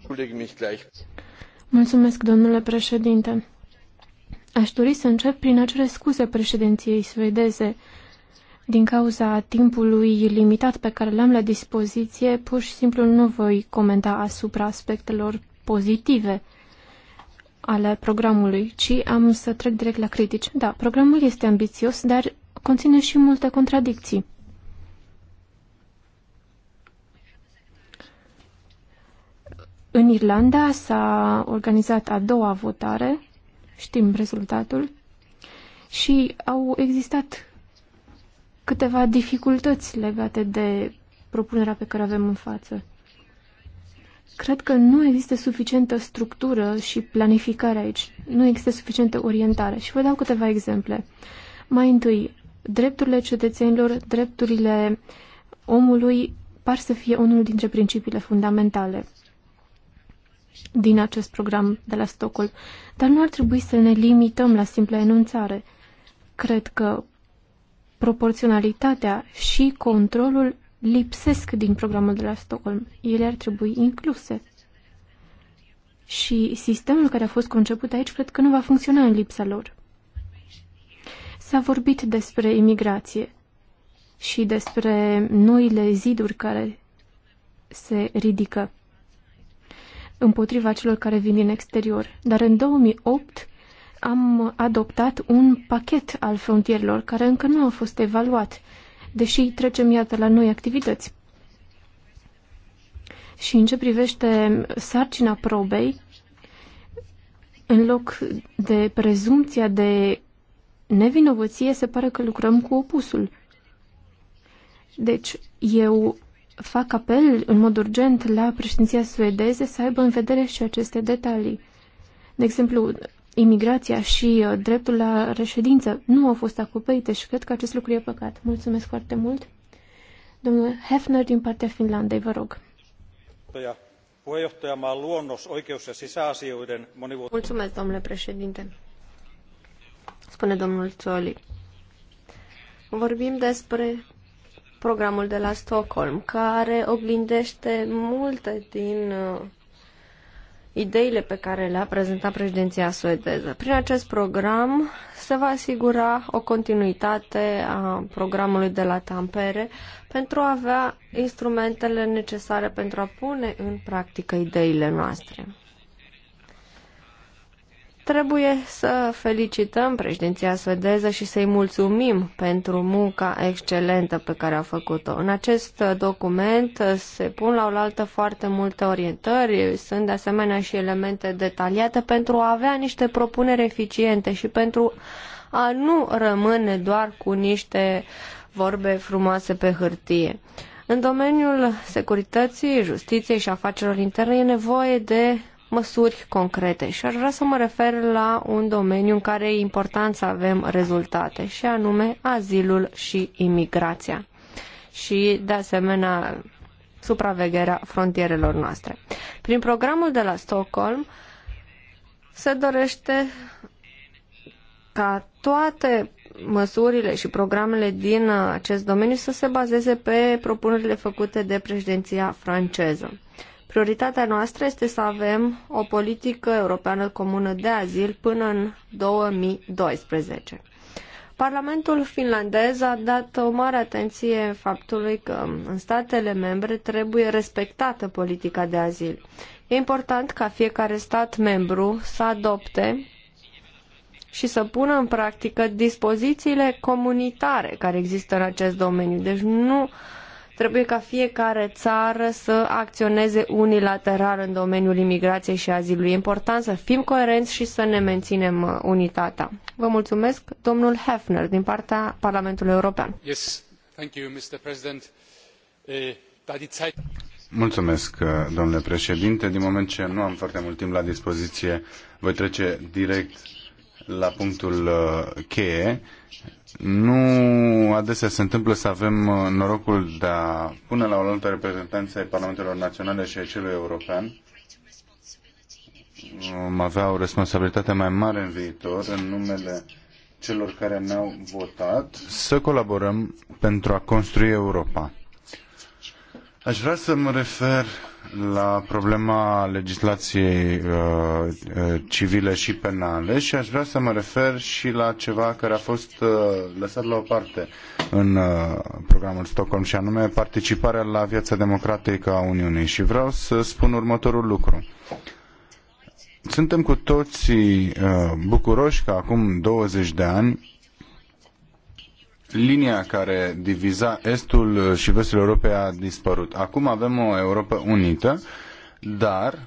Mulțumesc, domnule președinte. Aș dori să încep prin a cere scuze președinției suedeze. Din cauza timpului limitat pe care l-am la dispoziție, pur și simplu nu voi comenta asupra aspectelor pozitive ale programului, ci am să trec direct la critici. Da, programul este ambițios, dar conține și multe contradicții. În Irlanda s-a organizat a doua votare, știm rezultatul, și au existat câteva dificultăți legate de propunerea pe care o avem în față. Cred că nu există suficientă structură și planificare aici. Nu există suficientă orientare. Și vă dau câteva exemple. Mai întâi, drepturile cetățenilor, drepturile omului par să fie unul dintre principiile fundamentale din acest program de la Stockholm, dar nu ar trebui să ne limităm la simpla enunțare. Cred că proporționalitatea și controlul lipsesc din programul de la Stockholm. Ele ar trebui incluse. Și sistemul care a fost conceput aici cred că nu va funcționa în lipsa lor. S-a vorbit despre imigrație și despre noile ziduri care se ridică împotriva celor care vin din exterior. Dar în 2008 am adoptat un pachet al frontierelor care încă nu a fost evaluat deși trecem, iată, la noi activități. Și în ce privește sarcina probei, în loc de prezumția de nevinovăție, se pare că lucrăm cu opusul. Deci, eu fac apel în mod urgent la președinția suedeze să aibă în vedere și aceste detalii. De exemplu, imigrația și uh, dreptul la reședință nu au fost acoperite și cred că acest lucru e păcat. Mulțumesc foarte mult. Domnul Hefner din partea Finlandei, vă rog. Mulțumesc, domnule președinte. Spune domnul Țoli. Vorbim despre programul de la Stockholm, care oglindește multe din uh, ideile pe care le-a prezentat președinția suedeză. Prin acest program se va asigura o continuitate a programului de la Tampere pentru a avea instrumentele necesare pentru a pune în practică ideile noastre. Trebuie să felicităm președinția suedeză și să-i mulțumim pentru munca excelentă pe care a făcut-o. În acest document se pun la oaltă foarte multe orientări, sunt de asemenea și elemente detaliate pentru a avea niște propuneri eficiente și pentru a nu rămâne doar cu niște vorbe frumoase pe hârtie. În domeniul securității, justiției și afacerilor interne e nevoie de măsuri concrete și aș vrea să mă refer la un domeniu în care e important să avem rezultate și anume azilul și imigrația și de asemenea supravegherea frontierelor noastre. Prin programul de la Stockholm se dorește ca toate măsurile și programele din acest domeniu să se bazeze pe propunerile făcute de președinția franceză. Prioritatea noastră este să avem o politică europeană comună de azil până în 2012. Parlamentul finlandez a dat o mare atenție faptului că în statele membre trebuie respectată politica de azil. E important ca fiecare stat membru să adopte și să pună în practică dispozițiile comunitare care există în acest domeniu. Deci nu uh, Trebuie ca fiecare țară să acționeze unilateral în domeniul imigrației și azilului. E important să fim coerenți și să ne menținem uh, unitatea. Vă mulțumesc, domnul Hefner, din partea Parlamentului European. Yes, thank you, Mr. President. Eh, mulțumesc, uh, domnule președinte. Din moment ce nu am foarte mult timp la dispoziție, voi trece direct la punctul uh, cheie nu adesea se întâmplă să avem uh, norocul de a pune la oaltă reprezentanță ai Parlamentelor Naționale și ai celui european. Vom avea o responsabilitate mai mare în viitor, în numele celor care ne-au votat, să colaborăm pentru a construi Europa. Aș vrea să mă refer la problema legislației uh, uh, civile și penale și aș vrea să mă refer și la ceva care a fost uh, lăsat la o parte în uh, programul Stockholm și anume participarea la viața democratică a Uniunii și vreau să spun următorul lucru. Suntem cu toții uh, bucuroși că acum 20 de ani linia care diviza estul și vestul Europei a dispărut. Acum avem o Europa unită, dar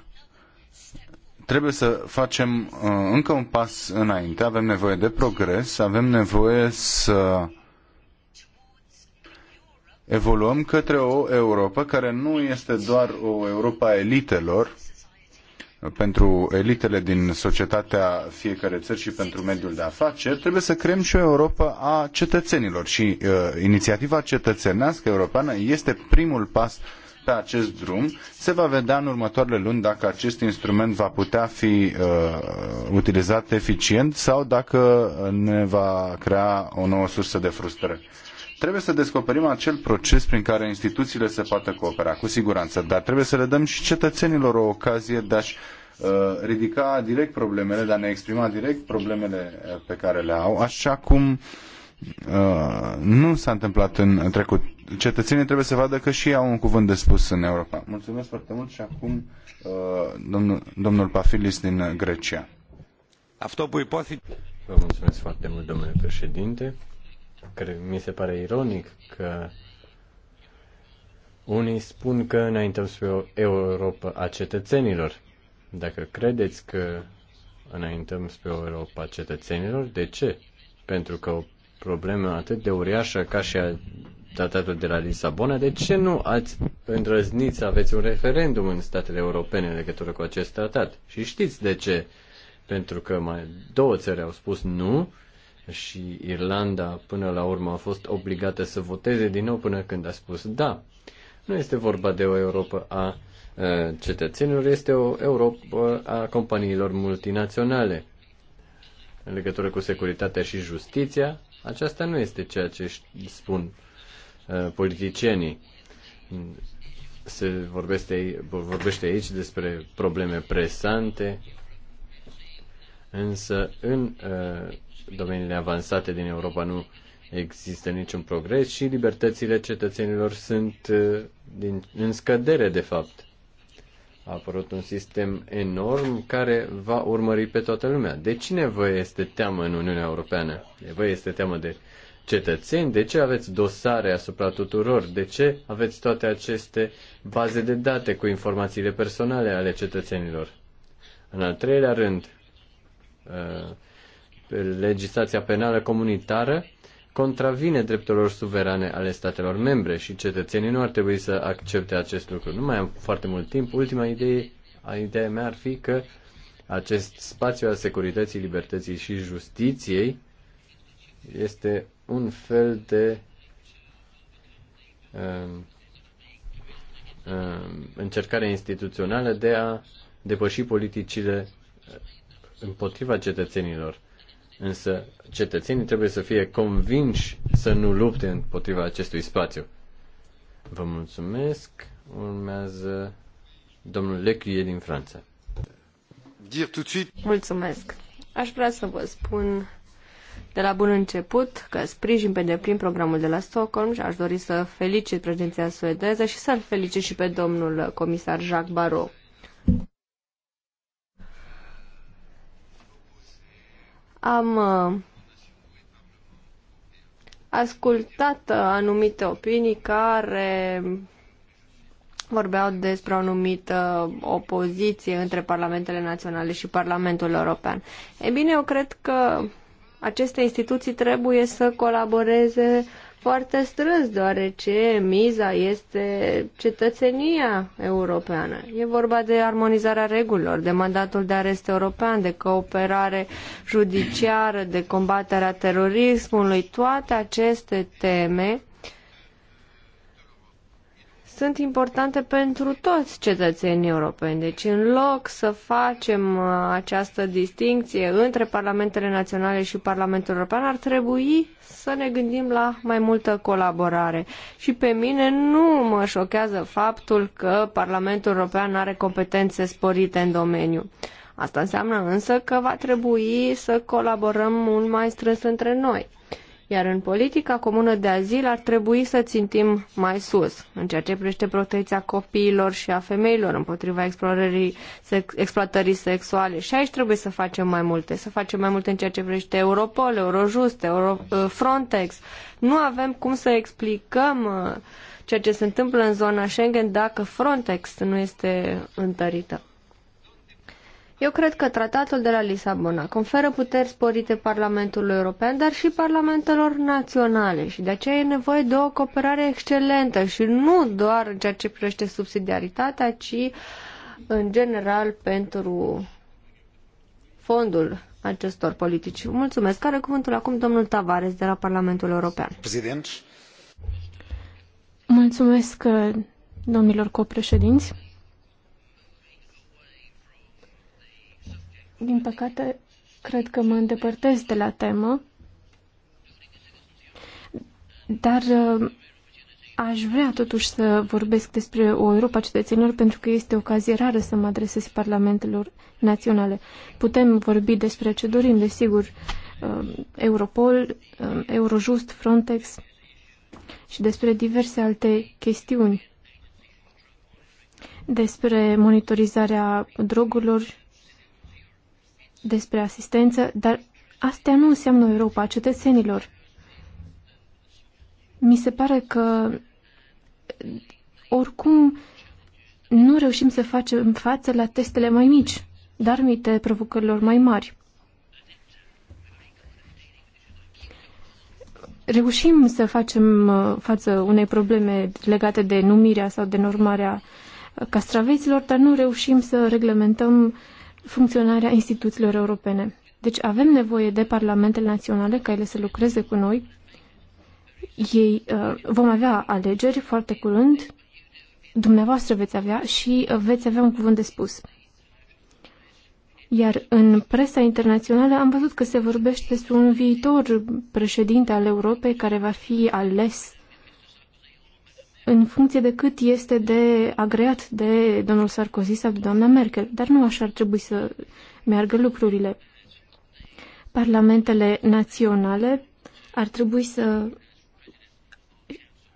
trebuie să facem uh, încă un pas înainte. Avem nevoie de progres, avem nevoie să evoluăm către o Europa care nu este doar o Europa elitelor, pentru elitele din societatea fiecare țări și pentru mediul de afaceri, trebuie să creăm și o Europa a cetățenilor. Și uh, inițiativa cetățenească europeană este primul pas pe acest drum. Se va vedea în următoarele luni dacă acest instrument va putea fi uh, utilizat eficient sau dacă ne va crea o nouă sursă de frustrări. Trebuie să descoperim acel proces prin care instituțiile se pot coopera, cu siguranță, dar trebuie să le dăm și cetățenilor o ocazie de a-și uh, ridica direct problemele, de a ne exprima direct problemele uh, pe care le au, așa cum uh, nu s-a întâmplat în trecut. Cetățenii trebuie să vadă că și ei au un cuvânt de spus în Europa. Mulțumesc foarte mult și acum uh, domnul, domnul Pafilis din Grecia. Vă mulțumesc foarte mult, domnule președinte care mi se pare ironic că unii spun că înaintăm spre o Europa a cetățenilor. Dacă credeți că înaintăm spre o Europa a cetățenilor, de ce? Pentru că o problemă atât de uriașă ca și a tratatul de la Lisabona, de ce nu ați îndrăznit să aveți un referendum în statele europene în legătură cu acest tratat? Și știți de ce? Pentru că mai două țări au spus nu și Irlanda până la urmă a fost obligată să voteze din nou până când a spus da. Nu este vorba de o Europa a cetățenilor, este o Europa a companiilor multinaționale. În legătură cu securitatea și justiția, aceasta nu este ceea ce spun politicienii. Se vorbește, vorbește aici despre probleme presante, însă în uh, domeniile avansate din Europa nu există niciun progres și libertățile cetățenilor sunt uh, din, în scădere, de fapt. A apărut un sistem enorm care va urmări pe toată lumea. De cine vă este teamă în Uniunea Europeană? De Vă este teamă de cetățeni? De ce aveți dosare asupra tuturor? De ce aveți toate aceste baze de date cu informațiile personale ale cetățenilor? În al treilea rând, uh, legislația penală comunitară contravine drepturilor suverane ale statelor membre și cetățenii nu ar trebui să accepte acest lucru. Nu mai am foarte mult timp. Ultima idee, a ideea mea ar fi că acest spațiu al securității, libertății și justiției este un fel de um, um, încercare instituțională de a depăși politicile împotriva cetățenilor. Însă cetățenii trebuie să fie convinși să nu lupte împotriva acestui spațiu. Vă mulțumesc. Urmează domnul Lecrie din Franța. Mulțumesc. Aș vrea să vă spun de la bun început că sprijin pe deplin programul de la Stockholm și aș dori să felicit președinția suedeză și să-l felicit și pe domnul comisar Jacques Barrot. Am uh, ascultat uh, anumite opinii care vorbeau despre o anumită uh, opoziție între parlamentele naționale și Parlamentul European. E bine, eu cred că aceste instituții trebuie să colaboreze foarte strâns, deoarece miza este cetățenia europeană. E vorba de armonizarea regulilor, de mandatul de arest european, de cooperare judiciară, de combaterea terorismului, toate aceste teme sunt importante pentru toți cetățenii europeni. Deci, în loc să facem uh, această distinție între parlamentele naționale și Parlamentul European, ar trebui să ne gândim la mai multă colaborare. Și pe mine nu mă șochează faptul că Parlamentul European are competențe sporite în domeniu. Asta înseamnă însă că va trebui să colaborăm mult mai strâns între noi. Iar în politica comună de azil ar trebui să țintim mai sus, în ceea ce privește protecția copiilor și a femeilor împotriva explorării, sex, exploatării sexuale. Și aici trebuie să facem mai multe, să facem mai multe în ceea ce privește Europol, Eurojust, Euro, uh, Frontex. Nu avem cum să explicăm uh, ceea ce se întâmplă în zona Schengen dacă Frontex nu este întărită. Eu cred că tratatul de la Lisabona conferă puteri sporite Parlamentului European, dar și Parlamentelor naționale și de aceea e nevoie de o cooperare excelentă și nu doar în ceea ce privește subsidiaritatea, ci în general pentru fondul acestor politici. Mulțumesc. Care cuvântul acum domnul Tavares de la Parlamentul European? President. Mulțumesc domnilor copreședinți. Din păcate, cred că mă îndepărtez de la temă, dar uh, aș vrea totuși să vorbesc despre o Europa cetățenilor pentru că este ocazie rară să mă adresez parlamentelor naționale. Putem vorbi despre ce dorim, desigur, uh, Europol, uh, Eurojust, Frontex și despre diverse alte chestiuni, despre monitorizarea drogurilor despre asistență, dar astea nu înseamnă Europa cetățenilor. Mi se pare că oricum nu reușim să facem față la testele mai mici, dar mite provocărilor mai mari. Reușim să facem uh, față unei probleme legate de numirea sau de normarea castraveților, dar nu reușim să reglementăm uh, funcționarea instituțiilor europene. Deci avem nevoie de parlamentele naționale ca ele să lucreze cu noi. Ei uh, vom avea alegeri foarte curând, dumneavoastră veți avea și uh, veți avea un cuvânt de spus. Iar în presa internațională am văzut că se vorbește despre un viitor președinte al Europei care va fi ales în funcție de cât este de agreat de domnul Sarkozy sau de doamna Merkel, dar nu așa ar trebui să meargă lucrurile. Parlamentele naționale ar trebui să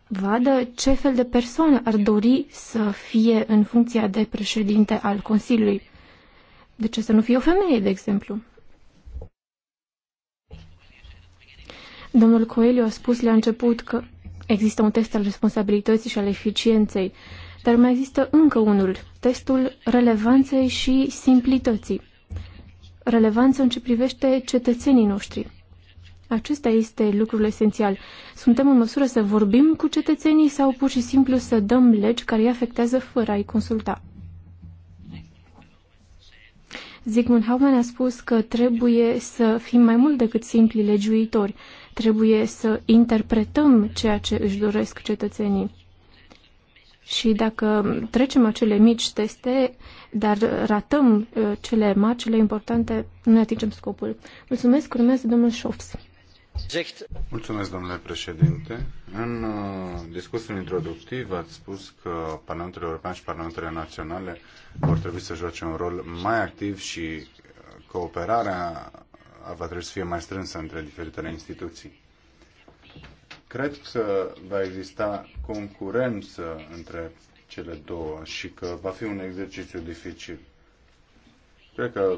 vadă ce fel de persoană ar dori să fie în funcția de președinte al Consiliului. De ce să nu fie o femeie, de exemplu? Domnul Coelho a spus la început că Există un test al responsabilității și al eficienței, dar mai există încă unul, testul relevanței și simplității. Relevanță în ce privește cetățenii noștri. Acesta este lucrul esențial. Suntem în măsură să vorbim cu cetățenii sau pur și simplu să dăm legi care îi afectează fără a-i consulta. Zygmunt Hauman a spus că trebuie să fim mai mult decât simpli legiuitori. Trebuie să interpretăm ceea ce își doresc cetățenii. Și dacă trecem acele mici teste, dar ratăm uh, cele mari, cele importante, nu atingem scopul. Mulțumesc, urmează domnul Șofs. Mulțumesc, domnule președinte. În uh, discursul introductiv ați spus că Parlamentul European și Parlamentele Naționale vor trebui să joace un rol mai activ și cooperarea va trebui să fie mai strânsă între diferitele instituții. Cred că va exista concurență între cele două și că va fi un exercițiu dificil. Cred că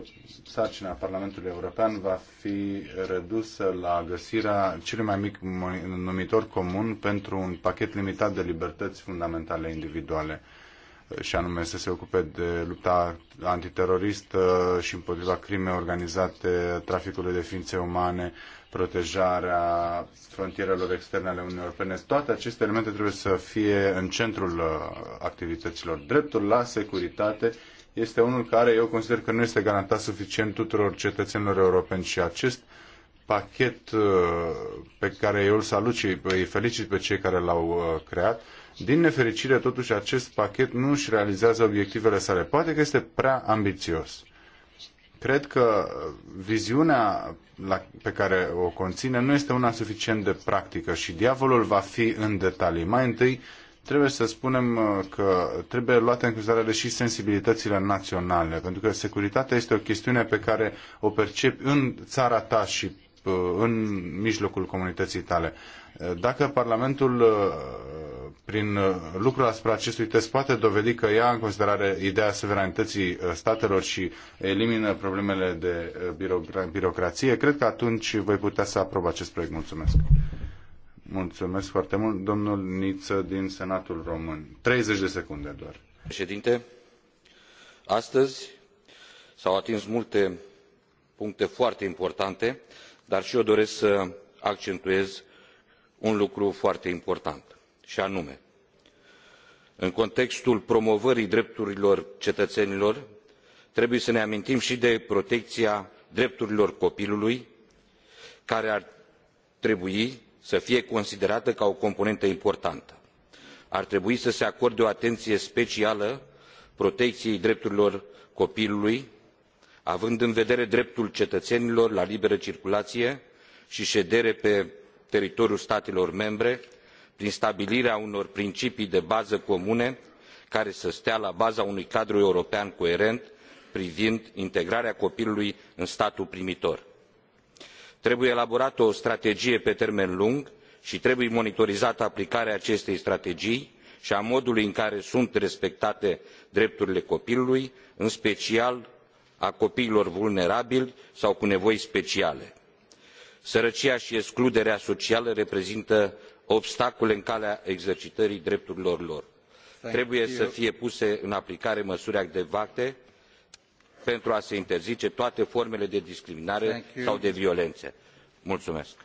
sarcina Parlamentului European va fi redusă la găsirea celui mai mic numitor comun pentru un pachet limitat de libertăți fundamentale individuale și anume să se ocupe de lupta antiteroristă și împotriva crime organizate, traficului de ființe umane, protejarea frontierelor externe ale Uniunii Europene. Toate aceste elemente trebuie să fie în centrul uh, activităților. Dreptul la securitate este unul care eu consider că nu este garantat suficient tuturor cetățenilor europeni și acest pachet uh, pe care eu îl salut și îi felicit pe cei care l-au uh, creat, din nefericire, totuși, acest pachet nu își realizează obiectivele sale. Poate că este prea ambițios. Cred că viziunea pe care o conține nu este una suficient de practică și diavolul va fi în detalii. Mai întâi, trebuie să spunem uh, că trebuie luate în considerare și sensibilitățile naționale, pentru că securitatea este o chestiune pe care o percepi în țara ta și uh, în mijlocul comunității tale. Uh, dacă Parlamentul prin uh, lucrul asupra acestui test poate dovedi că ia în considerare ideea suveranității uh, statelor și elimină problemele de uh, birocra- birocrație, cred că atunci voi putea să aprob acest proiect. Mulțumesc! Mulțumesc foarte mult, domnul Niță din Senatul Român. 30 de secunde doar. Președinte, astăzi s-au atins multe puncte foarte importante, dar și eu doresc să accentuez un lucru foarte important i anume în contextul promovării drepturilor cetăenilor trebuie să ne amintim i de protecia drepturilor copilului care ar trebui să fie considerată ca o componentă importantă. ar trebui să se acorde o atenie specială proteciei drepturilor copilului având în vedere dreptul cetăenilor la liberă circulaie i edere pe teritoriul statelor membre prin stabilirea unor principii de bază comune care să stea la baza unui cadru european coerent privind integrarea copilului în statul primitor. trebuie elaborată o strategie pe termen lung i trebuie monitorizată aplicarea acestei strategii i a modului în care sunt respectate drepturile copilului în special a copiilor vulnerabili sau cu nevoi speciale. sărăcia i excluderea socială reprezintă obstacole în calea exercitării drepturilor lor. trebuie să fie puse în aplicare măsuri adecvate pentru a se interzice toate formele de discriminare sau de violene. Mulțumesc.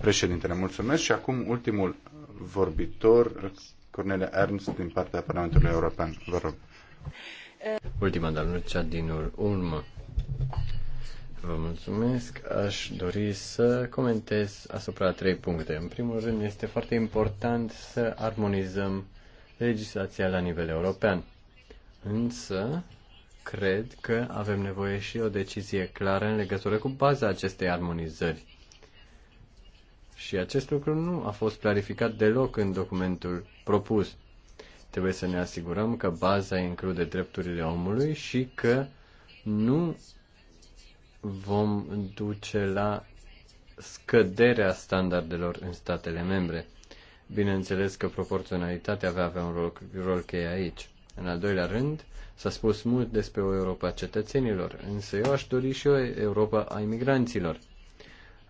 Președintele, mulțumesc. Și acum ultimul vorbitor, Cornelia Ernst, din partea Parlamentului European. Vă rog. Ultima, dar nu cea din urmă. Vă mulțumesc. Aș dori să comentez asupra trei puncte. În primul rând, este foarte important să armonizăm legislația la nivel european. Însă, cred că avem nevoie și o decizie clară în legătură cu baza acestei armonizări. Și acest lucru nu a fost clarificat deloc în documentul propus. Trebuie să ne asigurăm că baza include drepturile omului și că nu vom duce la scăderea standardelor în statele membre. Bineînțeles că proporționalitatea va avea un rol, rol cheie aici. În al doilea rând, s-a spus mult despre o Europa cetățenilor, însă eu aș dori și o Europa a imigranților.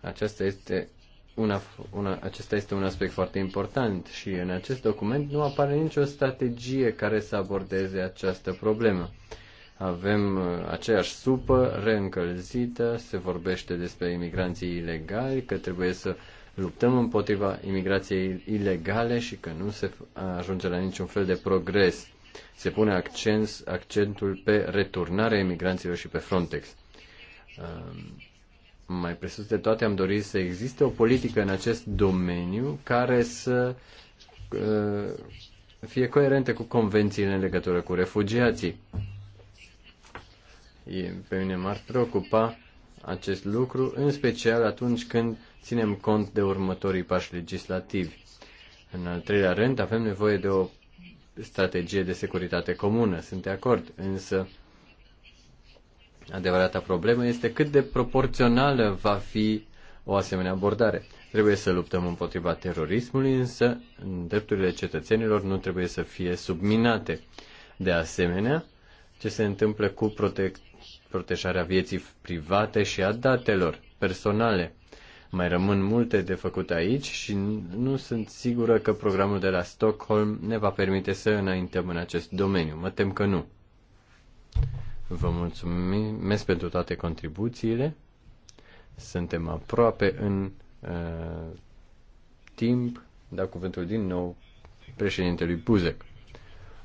Aceasta este una, una, acesta este un aspect foarte important și în acest document nu apare nicio strategie care să abordeze această problemă avem uh, aceeași supă reîncălzită, se vorbește despre imigranții ilegali, că trebuie să luptăm împotriva imigrației ilegale și că nu se ajunge la niciun fel de progres. Se pune accent, accentul pe returnarea imigranților și pe Frontex. Um, mai presus de toate am dorit să existe o politică în acest domeniu care să uh, fie coerentă cu convențiile în legătură cu refugiații pe mine m-ar preocupa acest lucru, în special atunci când ținem cont de următorii pași legislativi. În al treilea rând, avem nevoie de o strategie de securitate comună, sunt de acord, însă adevărata problemă este cât de proporțională va fi o asemenea abordare. Trebuie să luptăm împotriva terorismului, însă drepturile cetățenilor nu trebuie să fie subminate. De asemenea, ce se întâmplă cu protect protejarea vieții private și a datelor personale. Mai rămân multe de făcut aici și nu sunt sigură că programul de la Stockholm ne va permite să înaintăm în acest domeniu. Mă tem că nu. Vă mulțumesc pentru toate contribuțiile. Suntem aproape în uh, timp. Da cuvântul din nou președintelui Buzek.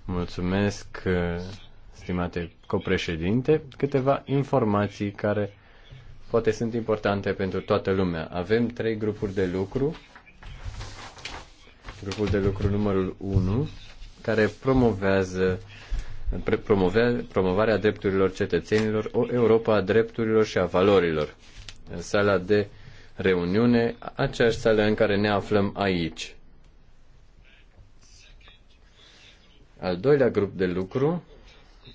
Mulțumesc. Uh, stimate copreședinte, câteva informații care poate sunt importante pentru toată lumea. Avem trei grupuri de lucru. Grupul de lucru numărul 1, care promovează promovea, promovarea drepturilor cetățenilor, o Europa a drepturilor și a valorilor. În sala de reuniune, aceeași sală în care ne aflăm aici. Al doilea grup de lucru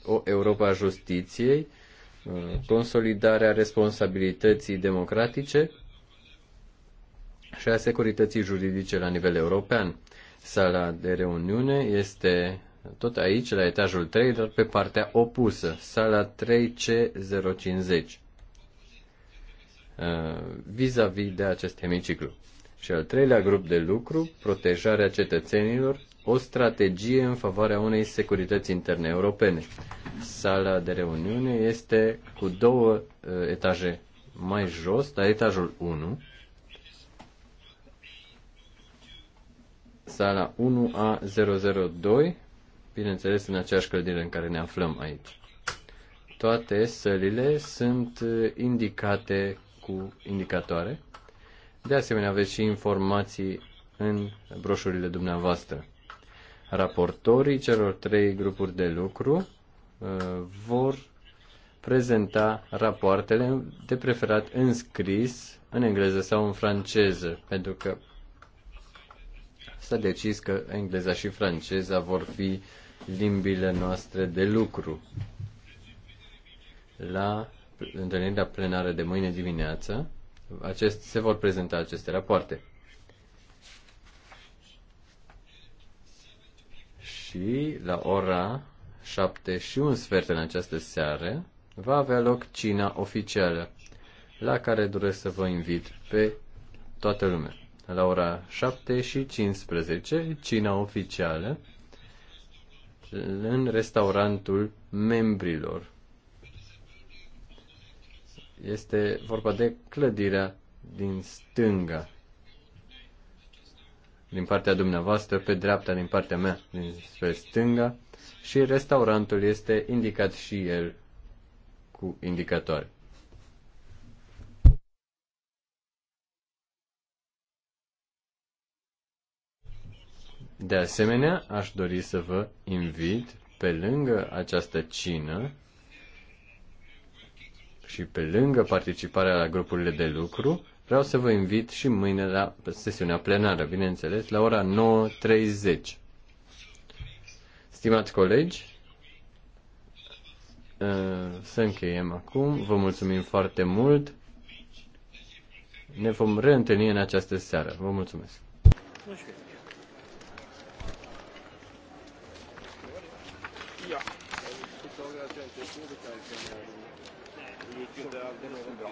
o Europa a justiției, consolidarea responsabilității democratice și a securității juridice la nivel european. Sala de reuniune este tot aici, la etajul 3, dar pe partea opusă, sala 3C050, uh, vis-a-vis -vis de acest hemiciclu. Și al treilea grup de lucru, protejarea cetățenilor o strategie în favoarea unei securități interne europene. Sala de reuniune este cu două uh, etaje mai jos, dar etajul 1. Sala 1A002, bineînțeles în aceeași clădire în care ne aflăm aici. Toate sălile sunt uh, indicate cu indicatoare. De asemenea, aveți și informații în broșurile dumneavoastră. Raportorii celor trei grupuri de lucru uh, vor prezenta rapoartele de preferat în scris, în engleză sau în franceză, pentru că s-a decis că engleza și franceza vor fi limbile noastre de lucru. La întâlnirea plenară de mâine dimineață acest, se vor prezenta aceste rapoarte. și la ora 7 și un sfert în această seară va avea loc cina oficială, la care doresc să vă invit pe toată lumea. La ora 7 și 15, cina oficială în restaurantul membrilor. Este vorba de clădirea din stânga din partea dumneavoastră, pe dreapta din partea mea, din spre stânga, și restaurantul este indicat și el cu indicatoare. De asemenea, aș dori să vă invit pe lângă această cină și pe lângă participarea la grupurile de lucru, Vreau să vă invit și mâine la sesiunea plenară, bineînțeles, la ora 9.30. Stimați colegi, uh, să încheiem acum. Vă mulțumim foarte mult. Ne vom reîntâlni în această seară. Vă mulțumesc. Ja. det gick inte alldeles bra.